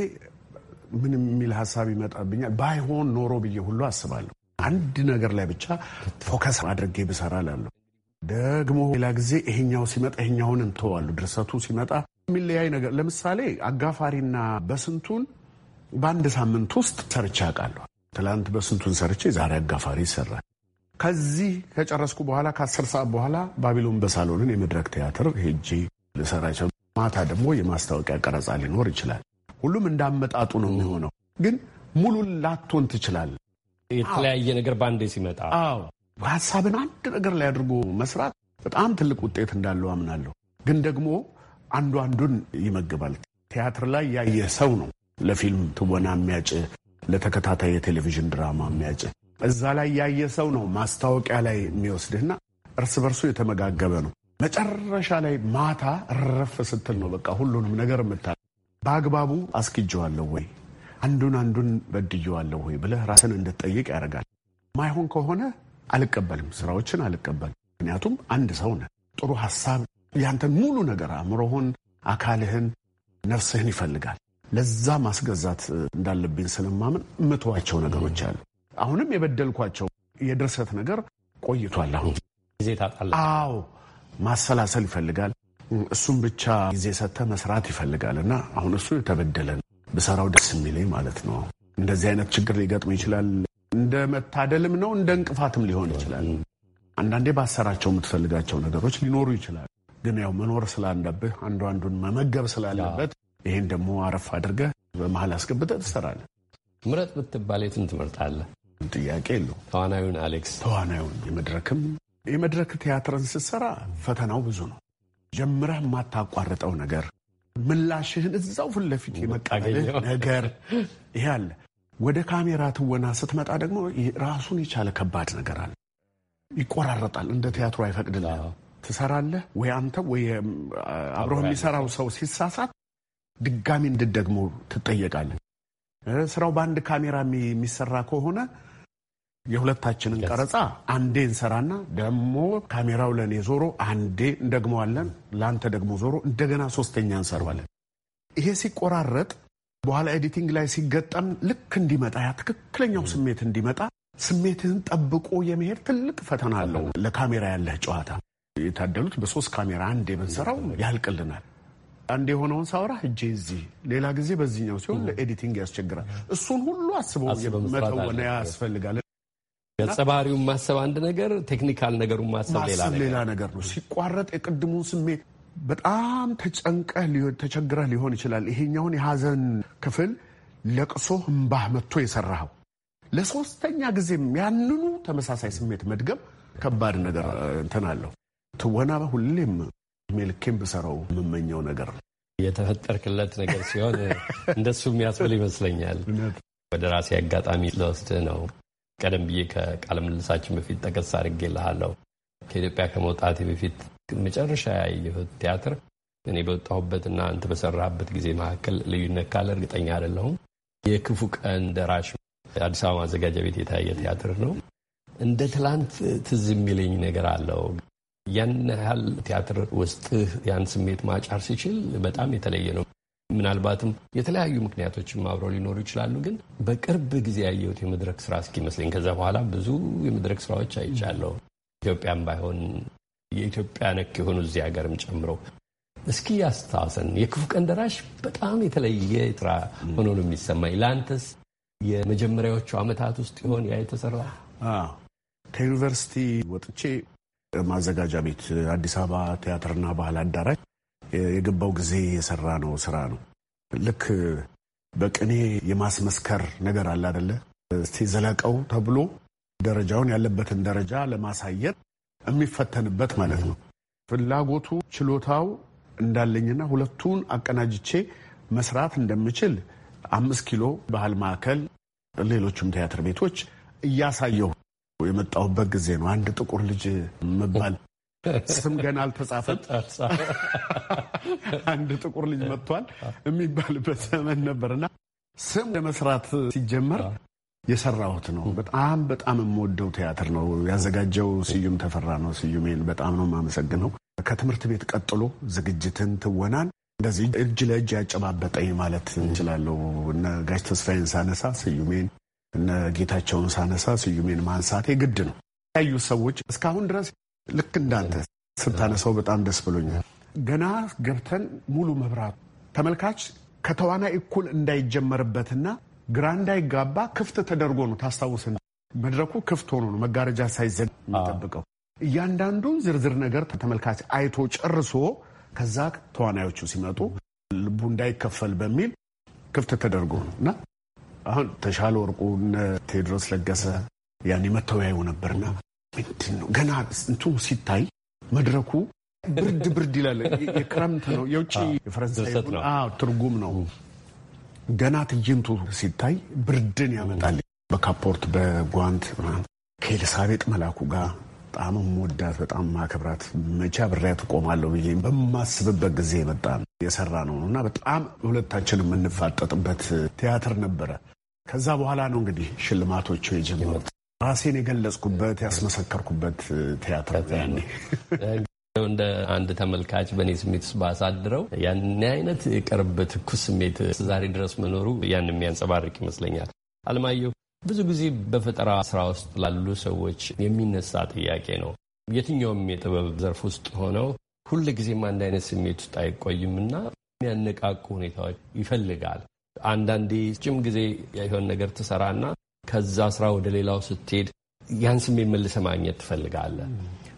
ምንም የሚል ሀሳብ ይመጣብኛል። ባይሆን ኖሮ ብዬ ሁሉ አስባለሁ። አንድ ነገር ላይ ብቻ ፎከስ አድርጌ ብሰራ ላለሁ ደግሞ ሌላ ጊዜ ይሄኛው ሲመጣ ይሄኛውን እንተዋለሁ። ድርሰቱ ሲመጣ የሚለያይ ነገር ለምሳሌ አጋፋሪና በስንቱን በአንድ ሳምንት ውስጥ ሰርቼ አውቃለሁ። ትላንት በስንቱን ሰርቼ ዛሬ አጋፋሪ ይሰራል። ከዚህ ከጨረስኩ በኋላ ከአስር ሰዓት በኋላ ባቢሎን በሳሎንን የመድረክ ቲያትር ሄጄ ልሰራ ማታ ደግሞ የማስታወቂያ ቀረጻ ሊኖር ይችላል። ሁሉም እንዳመጣጡ ነው የሚሆነው። ግን ሙሉን ላትሆን ትችላል። የተለያየ ነገር በአንዴ ሲመጣ አዎ ሀሳብን አንድ ነገር ላይ አድርጎ መስራት በጣም ትልቅ ውጤት እንዳለው አምናለሁ። ግን ደግሞ አንዱ አንዱን ይመግባል። ቲያትር ላይ ያየ ሰው ነው ለፊልም ትወና የሚያጭ፣ ለተከታታይ የቴሌቪዥን ድራማ የሚያጭ እዛ ላይ ያየ ሰው ነው ማስታወቂያ ላይ የሚወስድህና እርስ በርሱ የተመጋገበ ነው። መጨረሻ ላይ ማታ ረፍ ስትል ነው በቃ ሁሉንም ነገር የምታ በአግባቡ አስኪጀዋለሁ ወይ አንዱን አንዱን በድየዋለሁ ወይ ብለህ ራስን እንድትጠይቅ ያደርጋል። ማይሆን ከሆነ አልቀበልም፣ ስራዎችን አልቀበልም። ምክንያቱም አንድ ሰው ነህ። ጥሩ ሀሳብ ያንተን ሙሉ ነገር አእምሮህን፣ አካልህን፣ ነፍስህን ይፈልጋል። ለዛ ማስገዛት እንዳለብኝ ስለማምን ምትዋቸው ነገሮች አሉ። አሁንም የበደልኳቸው የድርሰት ነገር ቆይቷል። አሁን ጊዜ አዎ ማሰላሰል ይፈልጋል። እሱም ብቻ ጊዜ ሰጥተህ መስራት ይፈልጋል እና አሁን እሱ የተበደለ ብሰራው ደስ የሚለኝ ማለት ነው። እንደዚህ አይነት ችግር ሊገጥም ይችላል። እንደ መታደልም ነው፣ እንደ እንቅፋትም ሊሆን ይችላል። አንዳንዴ ባሰራቸው የምትፈልጋቸው ነገሮች ሊኖሩ ይችላል። ግን ያው መኖር ስላለብህ አንዱ አንዱን መመገብ ስላለበት ይህን ደግሞ አረፍ አድርገህ በመሀል አስገብተህ ትሰራለህ። ምረጥ ብትባል የትን ትመርጣለህ? ጥያቄ የለው። ተዋናዩን አሌክስ ተዋናዩን የመድረክም የመድረክ ቲያትርን ስትሰራ ፈተናው ብዙ ነው። ጀምረህ የማታቋርጠው ነገር ምላሽህን እዛው ፊት ለፊት ነገር ይሄ አለ። ወደ ካሜራ ትወና ስትመጣ ደግሞ ራሱን የቻለ ከባድ ነገር አለ። ይቆራረጣል። እንደ ቲያትሩ አይፈቅድልህ። ትሰራለህ ወይ አንተ ወይ አብረህ የሚሰራው ሰው ሲሳሳት ድጋሚ እንድደግሞ ትጠየቃለህ። ስራው በአንድ ካሜራ የሚሰራ ከሆነ የሁለታችንን ቀረጻ አንዴ እንሰራና ደግሞ ካሜራው ለእኔ ዞሮ አንዴ እንደግመዋለን፣ ለአንተ ደግሞ ዞሮ እንደገና ሶስተኛ እንሰራዋለን። ይሄ ሲቆራረጥ በኋላ ኤዲቲንግ ላይ ሲገጠም ልክ እንዲመጣ ያ ትክክለኛው mm. ስሜት እንዲመጣ ስሜትህን ጠብቆ የመሄድ ትልቅ ፈተና አለው ለካሜራ ያለህ ጨዋታ። የታደሉት በሶስት ካሜራ አንዴ ብንሰራው mm. ያልቅልናል። አንድ የሆነውን ሳውራ እጄ እዚህ ሌላ ጊዜ በዚህኛው ሲሆን mm. ለኤዲቲንግ ያስቸግራል። እሱን ሁሉ አስበው መተወነ ያስፈልጋል። ገጸባህሪውን ማሰብ አንድ ነገር፣ ቴክኒካል ነገሩን ማሰብ ሌላ ነገር ነው። ሲቋረጥ የቅድሙን ስሜት በጣም ተጨንቀህ ተቸግረህ ሊሆን ይችላል። ይሄኛውን የሀዘን ክፍል ለቅሶ እምባህ መጥቶ የሰራኸው ለሶስተኛ ጊዜም ያንኑ ተመሳሳይ ስሜት መድገም ከባድ ነገር እንትን አለው። ትወና ሁሌም ሜልኬም ብሰራው የምመኘው ነገር ነው። የተፈጠርክለት ነገር ሲሆን እንደሱ የሚያስብል ይመስለኛል። ወደ ራሴ አጋጣሚ ለወስድህ ነው ቀደም ብዬ ከቃለ ምልልሳችን በፊት ጠቀስ አድርጌ ልሃለሁ። ከኢትዮጵያ ከመውጣቴ በፊት መጨረሻ ያየሁት ቲያትር እኔ በወጣሁበትና አንተ በሰራህበት ጊዜ መካከል ልዩነት ካለ እርግጠኛ አይደለሁም። የክፉ ቀን ደራሽ አዲስ አበባ ማዘጋጃ ቤት የታየ ቲያትር ነው። እንደ ትላንት ትዝ የሚለኝ ነገር አለው። ያን ያህል ቲያትር ውስጥህ ያን ስሜት ማጫር ሲችል በጣም የተለየ ነው። ምናልባትም የተለያዩ ምክንያቶችም አብረው ሊኖሩ ይችላሉ። ግን በቅርብ ጊዜ ያየሁት የመድረክ ስራ እስኪመስለኝ ከዛ በኋላ ብዙ የመድረክ ስራዎች አይቻለሁ። ኢትዮጵያም ባይሆን የኢትዮጵያ ነክ የሆኑ እዚህ ሀገርም ጨምሮ እስኪ ያስታውሰን። የክፉ ቀን ደራሽ በጣም የተለየ ስራ ሆኖ ነው የሚሰማኝ። ለአንተስ የመጀመሪያዎቹ ዓመታት ውስጥ ይሆን ያ የተሰራ? ከዩኒቨርሲቲ ወጥቼ ማዘጋጃ ቤት አዲስ አበባ ቲያትርና ባህል አዳራሽ የገባው ጊዜ የሰራ ነው ስራ ነው። ልክ በቅኔ የማስመስከር ነገር አለ አደለ? እስቲ ዘለቀው ተብሎ ደረጃውን ያለበትን ደረጃ ለማሳየት የሚፈተንበት ማለት ነው። ፍላጎቱ ችሎታው እንዳለኝና ሁለቱን አቀናጅቼ መስራት እንደምችል አምስት ኪሎ ባህል ማዕከል፣ ሌሎችም ቲያትር ቤቶች እያሳየሁ የመጣሁበት ጊዜ ነው። አንድ ጥቁር ልጅ መባል ስም ገና አልተጻፈም። አንድ ጥቁር ልጅ መጥቷል የሚባልበት ዘመን ነበርና ስም ለመስራት ሲጀመር የሰራሁት ነው። በጣም በጣም የምወደው ቲያትር ነው ያዘጋጀው ስዩም ተፈራ ነው። ስዩሜን በጣም ነው የማመሰግነው። ከትምህርት ቤት ቀጥሎ ዝግጅትን፣ ትወናን እንደዚህ እጅ ለእጅ ያጨባበጠኝ ማለት እንችላለሁ። እነ ጋሽ ተስፋዬን ሳነሳ ስዩሜን፣ እነ ጌታቸውን ሳነሳ ስዩሜን ማንሳት የግድ ነው። ያዩ ሰዎች እስካሁን ድረስ ልክ እንዳንተ ስታነሳው በጣም ደስ ብሎኛል። ገና ገብተን ሙሉ መብራቱ ተመልካች ከተዋናይ እኩል እንዳይጀመርበትና ግራ እንዳይጋባ ክፍት ተደርጎ ነው። ታስታውስ፣ መድረኩ ክፍት ሆኖ ነው መጋረጃ ሳይዘን የሚጠብቀው። እያንዳንዱን ዝርዝር ነገር ተመልካች አይቶ ጨርሶ ከዛ ተዋናዮቹ ሲመጡ ልቡ እንዳይከፈል በሚል ክፍት ተደርጎ ነው እና አሁን ተሻለ ወርቁ፣ ቴዎድሮስ ለገሰ ያኔ መተወያዩ ነበርና ምንድን ነው ገና እንትኑ ሲታይ መድረኩ ብርድ ብርድ ይላል። የክረምት ነው የውጭ የፈረንሳይ ትርጉም ነው። ገና ትዕይንቱ ሲታይ ብርድን ያመጣል። በካፖርት በጓንት ከኤልሳቤጥ መላኩ ጋር በጣም ወዳት በጣም ማከብራት መቼ አብሬያት እቆማለሁ ብዬ በማስብበት ጊዜ የመጣ የሰራ ነው እና በጣም ሁለታችን የምንፋጠጥበት ቲያትር ነበረ። ከዛ በኋላ ነው እንግዲህ ሽልማቶቹ የጀመሩት። ራሴን የገለጽኩበት ያስመሰከርኩበት ቲያትር እንደ አንድ ተመልካች በእኔ ስሜት ውስጥ ባሳድረው ያን አይነት ቅርብ ትኩስ ስሜት ዛሬ ድረስ መኖሩ ያን የሚያንጸባርቅ ይመስለኛል። አለማየሁ፣ ብዙ ጊዜ በፈጠራ ስራ ውስጥ ላሉ ሰዎች የሚነሳ ጥያቄ ነው። የትኛውም የጥበብ ዘርፍ ውስጥ ሆነው ሁል ጊዜም አንድ አይነት ስሜት ውስጥ አይቆይምና የሚያነቃቁ ሁኔታዎች ይፈልጋል። አንዳንዴ ጭም ጊዜ የሆን ነገር ትሰራና ከዛ ስራ ወደ ሌላው ስትሄድ ያን ስሜት መልሰህ ማግኘት ትፈልጋለህ።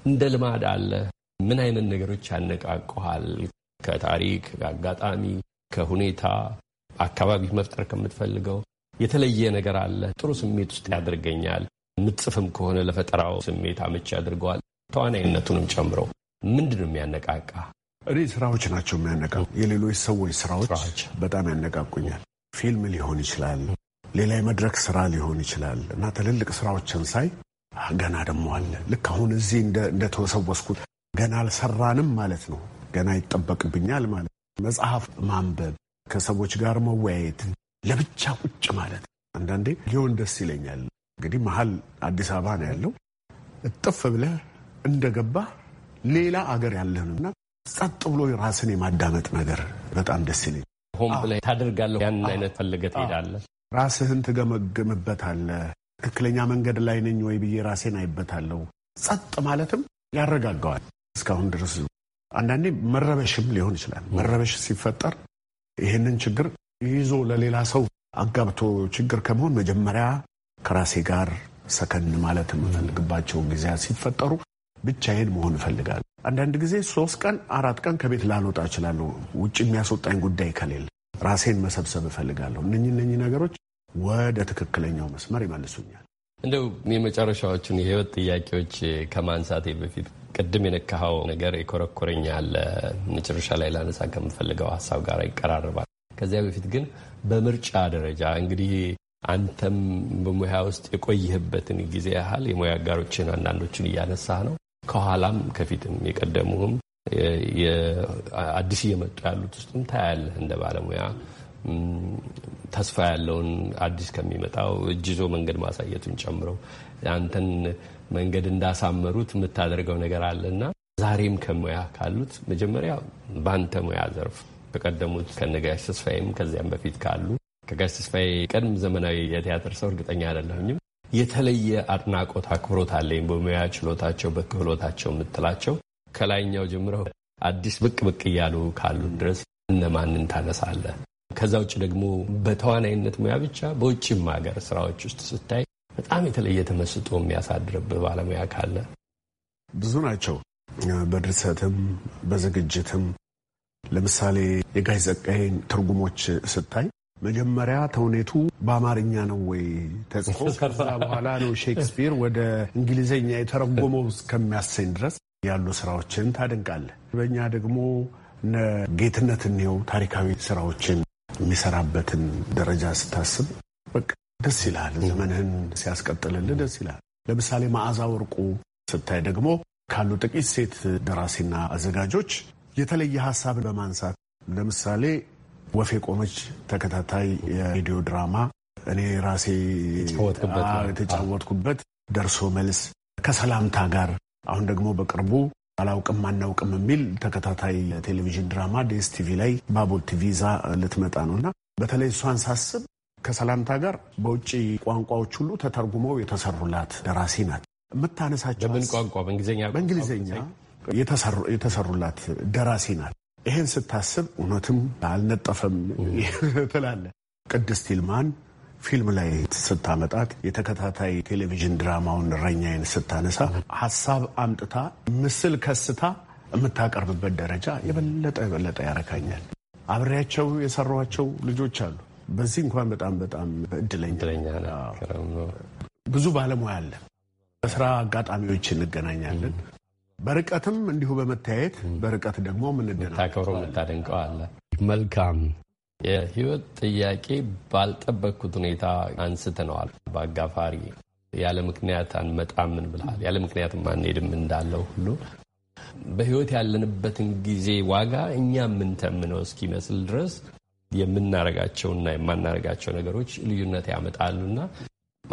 እንደ ልማድ አለ። ምን አይነት ነገሮች ያነቃቁሃል? ከታሪክ አጋጣሚ፣ ከሁኔታ አካባቢ መፍጠር ከምትፈልገው የተለየ ነገር አለ። ጥሩ ስሜት ውስጥ ያደርገኛል። ምጽፍም ከሆነ ለፈጠራው ስሜት አመቺ ያደርገዋል። ተዋናይነቱንም ጨምሮ ምንድን ነው የሚያነቃቃ? እኔ ስራዎች ናቸው የሚያነቃቁ። የሌሎች ሰዎች ስራዎች በጣም ያነቃቁኛል። ፊልም ሊሆን ይችላል፣ ሌላ የመድረክ ስራ ሊሆን ይችላል እና ትልልቅ ስራዎችን ሳይ ገና ደግሞ አለ። ልክ አሁን እዚህ እንደተወሰወስኩት ገና አልሰራንም ማለት ነው። ገና ይጠበቅብኛል ማለት መጽሐፍ ማንበብ፣ ከሰዎች ጋር መወያየት፣ ለብቻ ቁጭ ማለት አንዳንዴ ሊሆን ደስ ይለኛል። እንግዲህ መሀል አዲስ አበባ ነው ያለው። እጥፍ ብለህ እንደገባ ሌላ አገር ያለንና ጸጥ ብሎ ራስን የማዳመጥ ነገር በጣም ደስ ይለኛል። ሆም ብለህ ታደርጋለሁ ያንን አይነት ፈለገ ትሄዳለህ። ራስህን ትገመግምበታለህ። ትክክለኛ መንገድ ላይ ነኝ ወይ ብዬ ራሴን አይበታለሁ። ጸጥ ማለትም ያረጋጋዋል። እስካሁን ድረስ አንዳንዴ መረበሽም ሊሆን ይችላል። መረበሽ ሲፈጠር ይህንን ችግር ይዞ ለሌላ ሰው አጋብቶ ችግር ከመሆን መጀመሪያ ከራሴ ጋር ሰከን ማለት የምፈልግባቸው ጊዜያት ሲፈጠሩ ብቻዬን መሆን እፈልጋለሁ። አንዳንድ ጊዜ ሶስት ቀን አራት ቀን ከቤት ላልወጣ እችላለሁ፣ ውጭ የሚያስወጣኝ ጉዳይ ከሌለ ራሴን መሰብሰብ እፈልጋለሁ። እነኚህ እነኚህ ነገሮች ወደ ትክክለኛው መስመር ይመልሱኛል። እንደው የመጨረሻዎቹን የህይወት ጥያቄዎች ከማንሳቴ በፊት ቅድም የነካኸው ነገር የኮረኮረኛል መጨረሻ ላይ ላነሳ ከምፈልገው ሀሳብ ጋር ይቀራርባል። ከዚያ በፊት ግን በምርጫ ደረጃ እንግዲህ አንተም በሙያ ውስጥ የቆይህበትን ጊዜ ያህል የሙያ አጋሮችን አንዳንዶችን እያነሳህ ነው። ከኋላም ከፊትም የቀደሙህም አዲስ እየመጡ ያሉት ውስጥም ታያለህ እንደ ባለሙያ ተስፋ ያለውን አዲስ ከሚመጣው እጅ መንገድ ማሳየቱን ጨምሮ አንተን መንገድ እንዳሳመሩት የምታደርገው ነገር አለና ዛሬም ከሙያ ካሉት መጀመሪያ በአንተ ሙያ ዘርፍ ከቀደሙት ከነጋሽ ተስፋዬም ከዚያም በፊት ካሉ ከጋሽ ተስፋዬ ቀድም ዘመናዊ የቲያትር ሰው እርግጠኛ አይደለሁኝም። የተለየ አድናቆት አክብሮት አለኝ በሙያ ችሎታቸው፣ በክህሎታቸው የምትላቸው ከላይኛው ጀምረው አዲስ ብቅ ብቅ እያሉ ካሉት ድረስ እነማንን ታነሳለህ? ከዛ ውጭ ደግሞ በተዋናይነት ሙያ ብቻ በውጭም ሀገር ስራዎች ውስጥ ስታይ በጣም የተለየ ተመስጦ የሚያሳድርብህ ባለሙያ ካለ ብዙ ናቸው። በድርሰትም በዝግጅትም ለምሳሌ የጋሽ ጸጋዬን ትርጉሞች ስታይ መጀመሪያ ተውኔቱ በአማርኛ ነው ወይ ተጽፎ ከዛ በኋላ ነው ሼክስፒር ወደ እንግሊዝኛ የተረጎመው እስከሚያሰኝ ድረስ ያሉ ስራዎችን ታደንቃለህ። በእኛ ደግሞ እነ ጌትነት እንየው ታሪካዊ ስራዎችን የሚሰራበትን ደረጃ ስታስብ በቃ ደስ ይላል። ዘመንህን ሲያስቀጥልልህ ደስ ይላል። ለምሳሌ መዓዛ ወርቁ ስታይ ደግሞ ካሉ ጥቂት ሴት ደራሲና አዘጋጆች የተለየ ሀሳብ በማንሳት ለምሳሌ ወፌ ቆመች ተከታታይ የሬዲዮ ድራማ እኔ ራሴ የተጫወትኩበት ደርሶ መልስ ከሰላምታ ጋር አሁን ደግሞ በቅርቡ አላውቅም አናውቅም የሚል ተከታታይ ቴሌቪዥን ድራማ ዴስ ቲቪ ላይ ባቦል ቲቪ ይዛ ልትመጣ ነው እና በተለይ እሷን ሳስብ ከሰላምታ ጋር በውጭ ቋንቋዎች ሁሉ ተተርጉመው የተሰሩላት ደራሲ ናት። የምታነሳቸው በምን ቋንቋ? በእንግሊዝኛ የተሰሩላት ደራሲ ናት። ይሄን ስታስብ እውነትም አልነጠፈም ትላለ። ቅድስት ይልማን ፊልም ላይ ስታመጣት የተከታታይ ቴሌቪዥን ድራማውን እረኛዬን ስታነሳ ሀሳብ አምጥታ ምስል ከስታ የምታቀርብበት ደረጃ የበለጠ የበለጠ ያረካኛል። አብሬያቸው የሰሯቸው ልጆች አሉ። በዚህ እንኳን በጣም በጣም እድለኛ ብዙ ባለሙያ አለ። በስራ አጋጣሚዎች እንገናኛለን። በርቀትም እንዲሁ በመታየት በርቀት ደግሞ ምንደናታከብሮ መልካም የህይወት ጥያቄ ባልጠበቅኩት ሁኔታ አንስተነዋል። በአጋፋሪ ያለ ምክንያት አንመጣምን ብልሃል። ያለ ምክንያት ማንሄድም እንዳለው ሁሉ በህይወት ያለንበትን ጊዜ ዋጋ እኛ የምንተምነው እስኪመስል ድረስ የምናረጋቸውና የማናረጋቸው ነገሮች ልዩነት ያመጣሉና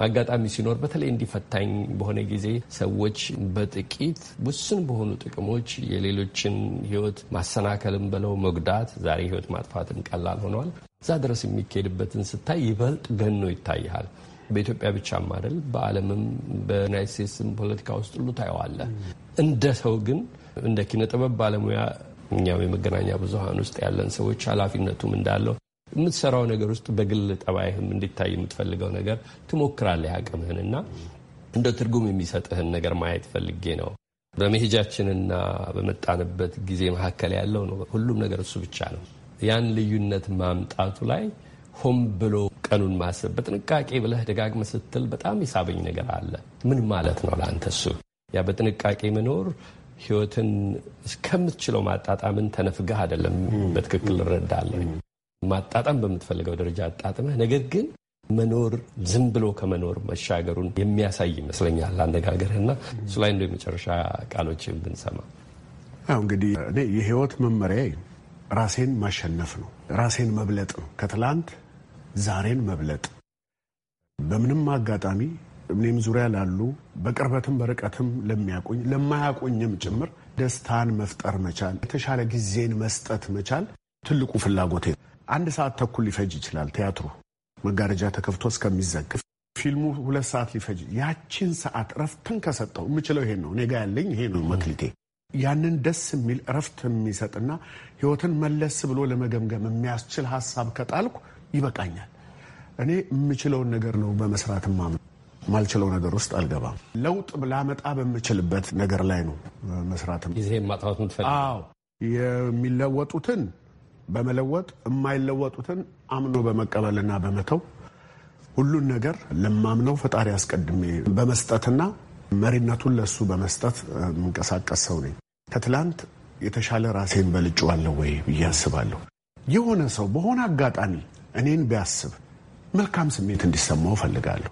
አጋጣሚ ሲኖር በተለይ እንዲፈታኝ በሆነ ጊዜ ሰዎች በጥቂት ውስን በሆኑ ጥቅሞች የሌሎችን ሕይወት ማሰናከልም ብለው መጉዳት፣ ዛሬ ሕይወት ማጥፋትም ቀላል ሆኗል። እዛ ድረስ የሚካሄድበትን ስታይ ይበልጥ ገኖ ይታይሃል። በኢትዮጵያ ብቻም አይደል፣ በዓለምም በዩናይት ስቴትስም ፖለቲካ ውስጥ ሁሉ ታየዋለህ። እንደ ሰው ግን እንደ ኪነ ጥበብ ባለሙያ እኛም የመገናኛ ብዙኃን ውስጥ ያለን ሰዎች ኃላፊነቱም እንዳለው የምትሰራው ነገር ውስጥ በግል ጠባይህም እንዲታይ የምትፈልገው ነገር ትሞክራለህ አቅምህንና እንደ ትርጉም የሚሰጥህን ነገር ማየት ፈልጌ ነው። በመሄጃችንና በመጣንበት ጊዜ መካከል ያለው ነው። ሁሉም ነገር እሱ ብቻ ነው። ያን ልዩነት ማምጣቱ ላይ ሆም ብሎ ቀኑን ማሰብ በጥንቃቄ ብለህ ደጋግመ ስትል በጣም የሳበኝ ነገር አለ። ምን ማለት ነው ለአንተ እሱ? ያ በጥንቃቄ መኖር ህይወትን እስከምትችለው ማጣጣምን ተነፍገህ አይደለም። በትክክል እረዳለሁ። ማጣጣም በምትፈልገው ደረጃ አጣጥመህ ነገር ግን መኖር ዝም ብሎ ከመኖር መሻገሩን የሚያሳይ ይመስለኛል አነጋገርህና እሱ ላይ እንደ የመጨረሻ ቃሎች ብንሰማ። አሁ እንግዲህ እኔ የህይወት መመሪያ ራሴን ማሸነፍ ነው፣ ራሴን መብለጥ ነው፣ ከትላንት ዛሬን መብለጥ። በምንም አጋጣሚ እኔም ዙሪያ ላሉ በቅርበትም በርቀትም ለሚያቁኝ ለማያቁኝም ጭምር ደስታን መፍጠር መቻል፣ የተሻለ ጊዜን መስጠት መቻል ትልቁ ፍላጎቴ ነው። አንድ ሰዓት ተኩል ሊፈጅ ይችላል። ቲያትሩ መጋረጃ ተከፍቶ እስከሚዘግፍ ፊልሙ ሁለት ሰዓት ሊፈጅ ያችን ሰዓት እረፍትን ከሰጠው የምችለው ይሄን ነው። እኔ ያለኝ ይሄ ነው መክሊቴ። ያንን ደስ የሚል እረፍት የሚሰጥና ህይወትን መለስ ብሎ ለመገምገም የሚያስችል ሀሳብ ከጣልኩ ይበቃኛል። እኔ የምችለውን ነገር ነው በመስራት ማምን ማልችለው ነገር ውስጥ አልገባም። ለውጥ ላመጣ በምችልበት ነገር ላይ ነው መስራት ጊዜ ማጥፋት የሚለወጡትን በመለወጥ የማይለወጡትን አምኖ በመቀበልና በመተው ሁሉን ነገር ለማምነው ፈጣሪ አስቀድሜ በመስጠትና መሪነቱን ለሱ በመስጠት የምንቀሳቀስ ሰው ነኝ። ከትላንት የተሻለ ራሴን በልጭዋለሁ ወይ ብዬ አስባለሁ። የሆነ ሰው በሆነ አጋጣሚ እኔን ቢያስብ መልካም ስሜት እንዲሰማው እፈልጋለሁ።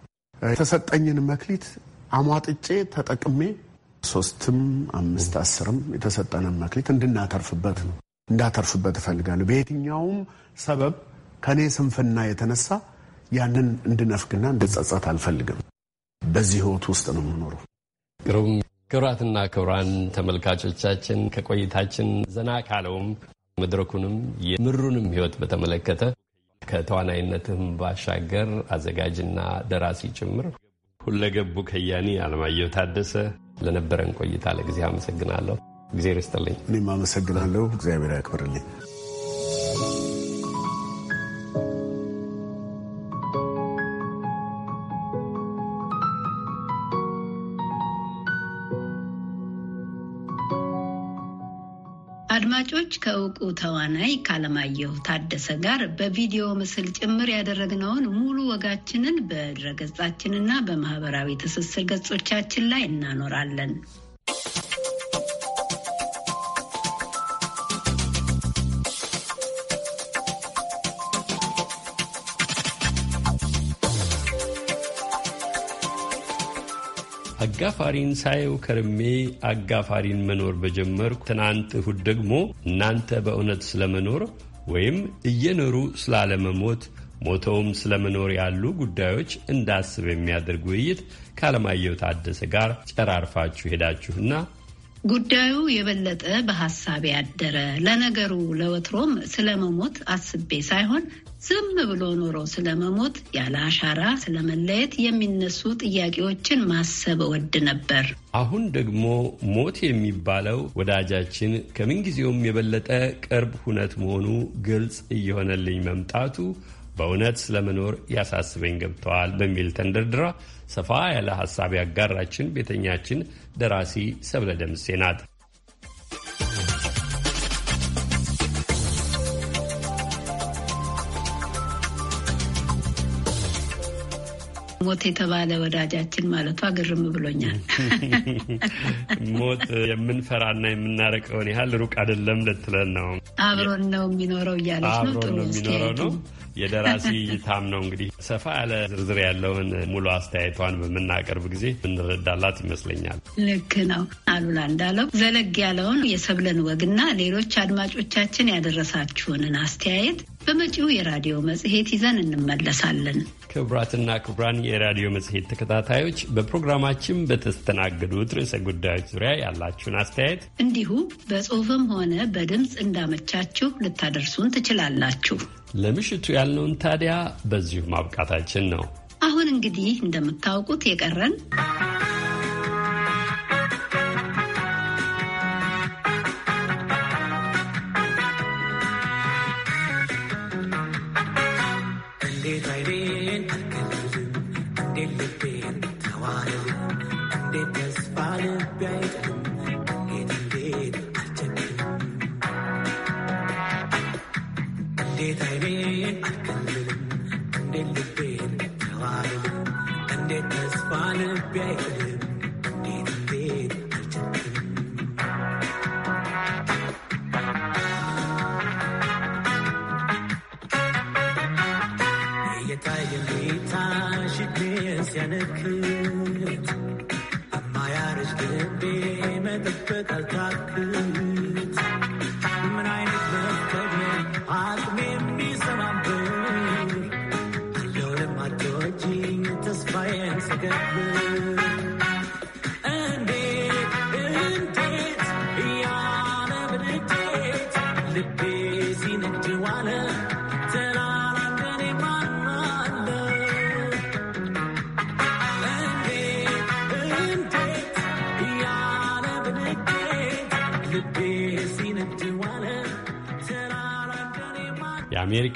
የተሰጠኝን መክሊት አሟጥጬ ተጠቅሜ ሶስትም አምስት አስርም የተሰጠንን መክሊት እንድናተርፍበት ነው። እንዳተርፍበት እፈልጋለሁ። በየትኛውም ሰበብ ከእኔ ስንፍና የተነሳ ያንን እንድነፍግና እንድጸጸት አልፈልግም። በዚህ ህይወት ውስጥ ነው የምኖረው። ግሩም። ክብራን ተመልካቾቻችን ከቆይታችን ዘና ካለውም መድረኩንም የምሩንም ህይወት በተመለከተ ከተዋናይነትም ባሻገር አዘጋጅና ደራሲ ጭምር ሁለገቡ ከያኒ አለማየሁ ታደሰ ለነበረን ቆይታ ለጊዜ አመሰግናለሁ። ጊዜ ርስጥልኝ። እኔም አመሰግናለሁ። እግዚአብሔር ያክብርልኝ። አድማጮች ከእውቁ ተዋናይ ካለማየሁ ታደሰ ጋር በቪዲዮ ምስል ጭምር ያደረግነውን ሙሉ ወጋችንን በድረገጻችንና በማህበራዊ ትስስር ገጾቻችን ላይ እናኖራለን። አጋፋሪን ሳየው ከርሜ አጋፋሪን መኖር በጀመርኩ ትናንት እሁድ ደግሞ እናንተ በእውነት ስለመኖር ወይም እየኖሩ ስላለመሞት ሞተውም ስለመኖር ያሉ ጉዳዮች እንዳስብ የሚያደርግ ውይይት ከአለማየሁ ታደሰ ጋር ጨራርፋችሁ ሄዳችሁና ጉዳዩ የበለጠ በሀሳብ ያደረ ለነገሩ ለወትሮም ስለመሞት አስቤ ሳይሆን ዝም ብሎ ኖሮ ስለመሞት ያለ አሻራ ስለመለየት የሚነሱ ጥያቄዎችን ማሰብ እወድ ነበር። አሁን ደግሞ ሞት የሚባለው ወዳጃችን ከምንጊዜውም የበለጠ ቅርብ ሁነት መሆኑ ግልጽ እየሆነልኝ መምጣቱ በእውነት ስለመኖር ያሳስበኝ ገብተዋል በሚል ተንደርድራ ሰፋ ያለ ሀሳብ ያጋራችን ቤተኛችን ደራሲ ሰብለ ደምሴ ናት። ሞት የተባለ ወዳጃችን ማለቷ ግርም ብሎኛል። ሞት የምንፈራና የምናረቀውን ያህል ሩቅ አይደለም ልትለን ነው። አብሮን ነው የሚኖረው እያለች ነው። ጥሩ የሚኖረው ነው። የደራሲ እይታም ነው እንግዲህ ሰፋ ያለ ዝርዝር ያለውን ሙሉ አስተያየቷን በምናቀርብ ጊዜ እንረዳላት ይመስለኛል። ልክ ነው አሉላ እንዳለው ዘለግ ያለውን የሰብለን ወግና ሌሎች አድማጮቻችን ያደረሳችሁንን አስተያየት በመጪው የራዲዮ መጽሔት ይዘን እንመለሳለን። ክቡራትና ክቡራን የራዲዮ መጽሔት ተከታታዮች በፕሮግራማችን በተስተናገዱት ርዕሰ ጉዳዮች ዙሪያ ያላችሁን አስተያየት እንዲሁ በጽሁፍም ሆነ በድምፅ እንዳመቻችሁ ልታደርሱን ትችላላችሁ። ለምሽቱ ያልነውን ታዲያ በዚሁ ማብቃታችን ነው። አሁን እንግዲህ እንደምታውቁት የቀረን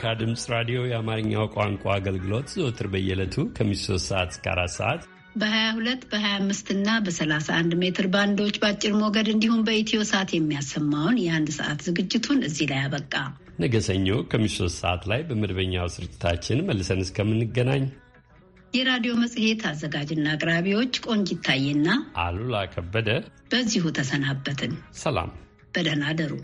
የአሜሪካ ድምፅ ራዲዮ የአማርኛው ቋንቋ አገልግሎት ዘወትር በየዕለቱ ከምሽቱ 3 ሰዓት እስከ 4 ሰዓት በ22 በ25 እና በ31 ሜትር ባንዶች በአጭር ሞገድ እንዲሁም በኢትዮ ሰዓት የሚያሰማውን የአንድ ሰዓት ዝግጅቱን እዚህ ላይ አበቃ። ነገ ሰኞ ከምሽቱ 3 ሰዓት ላይ በመደበኛው ስርጭታችን መልሰን እስከምንገናኝ የራዲዮ መጽሔት አዘጋጅና አቅራቢዎች ቆንጅ ታዬና አሉላ ከበደ በዚሁ ተሰናበትን። ሰላም፣ በደህና አደሩ።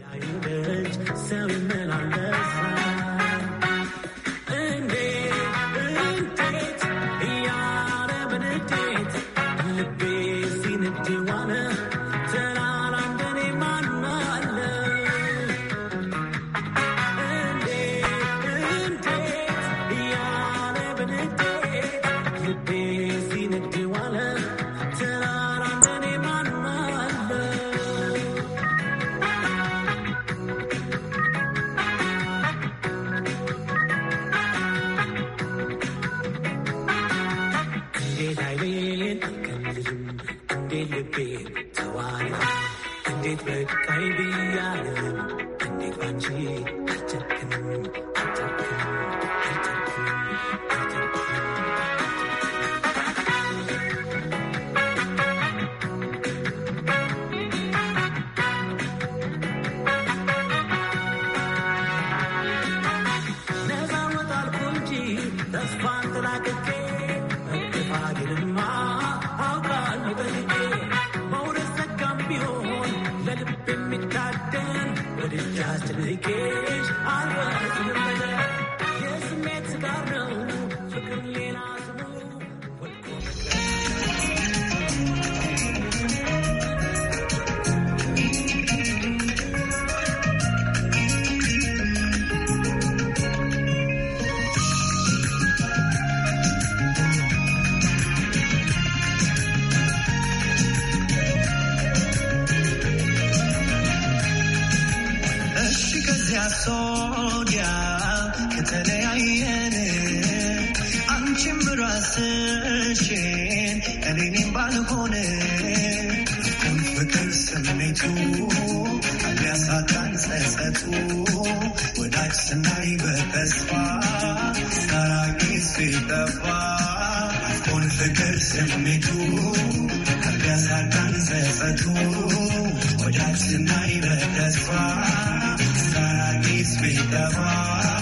እኔም ባልሆነ ፍቅር ስሜቱ ሊያሳጣን ጸጸቱ ወዳጅ ስናይ በተስፋ ሳራቂ ሲጠፋ ፍቅር ስሜቱ ሊያሳጣን ጸጸቱ ወዳጅ ስናይ በተስፋ ሳራቂ ሲጠፋ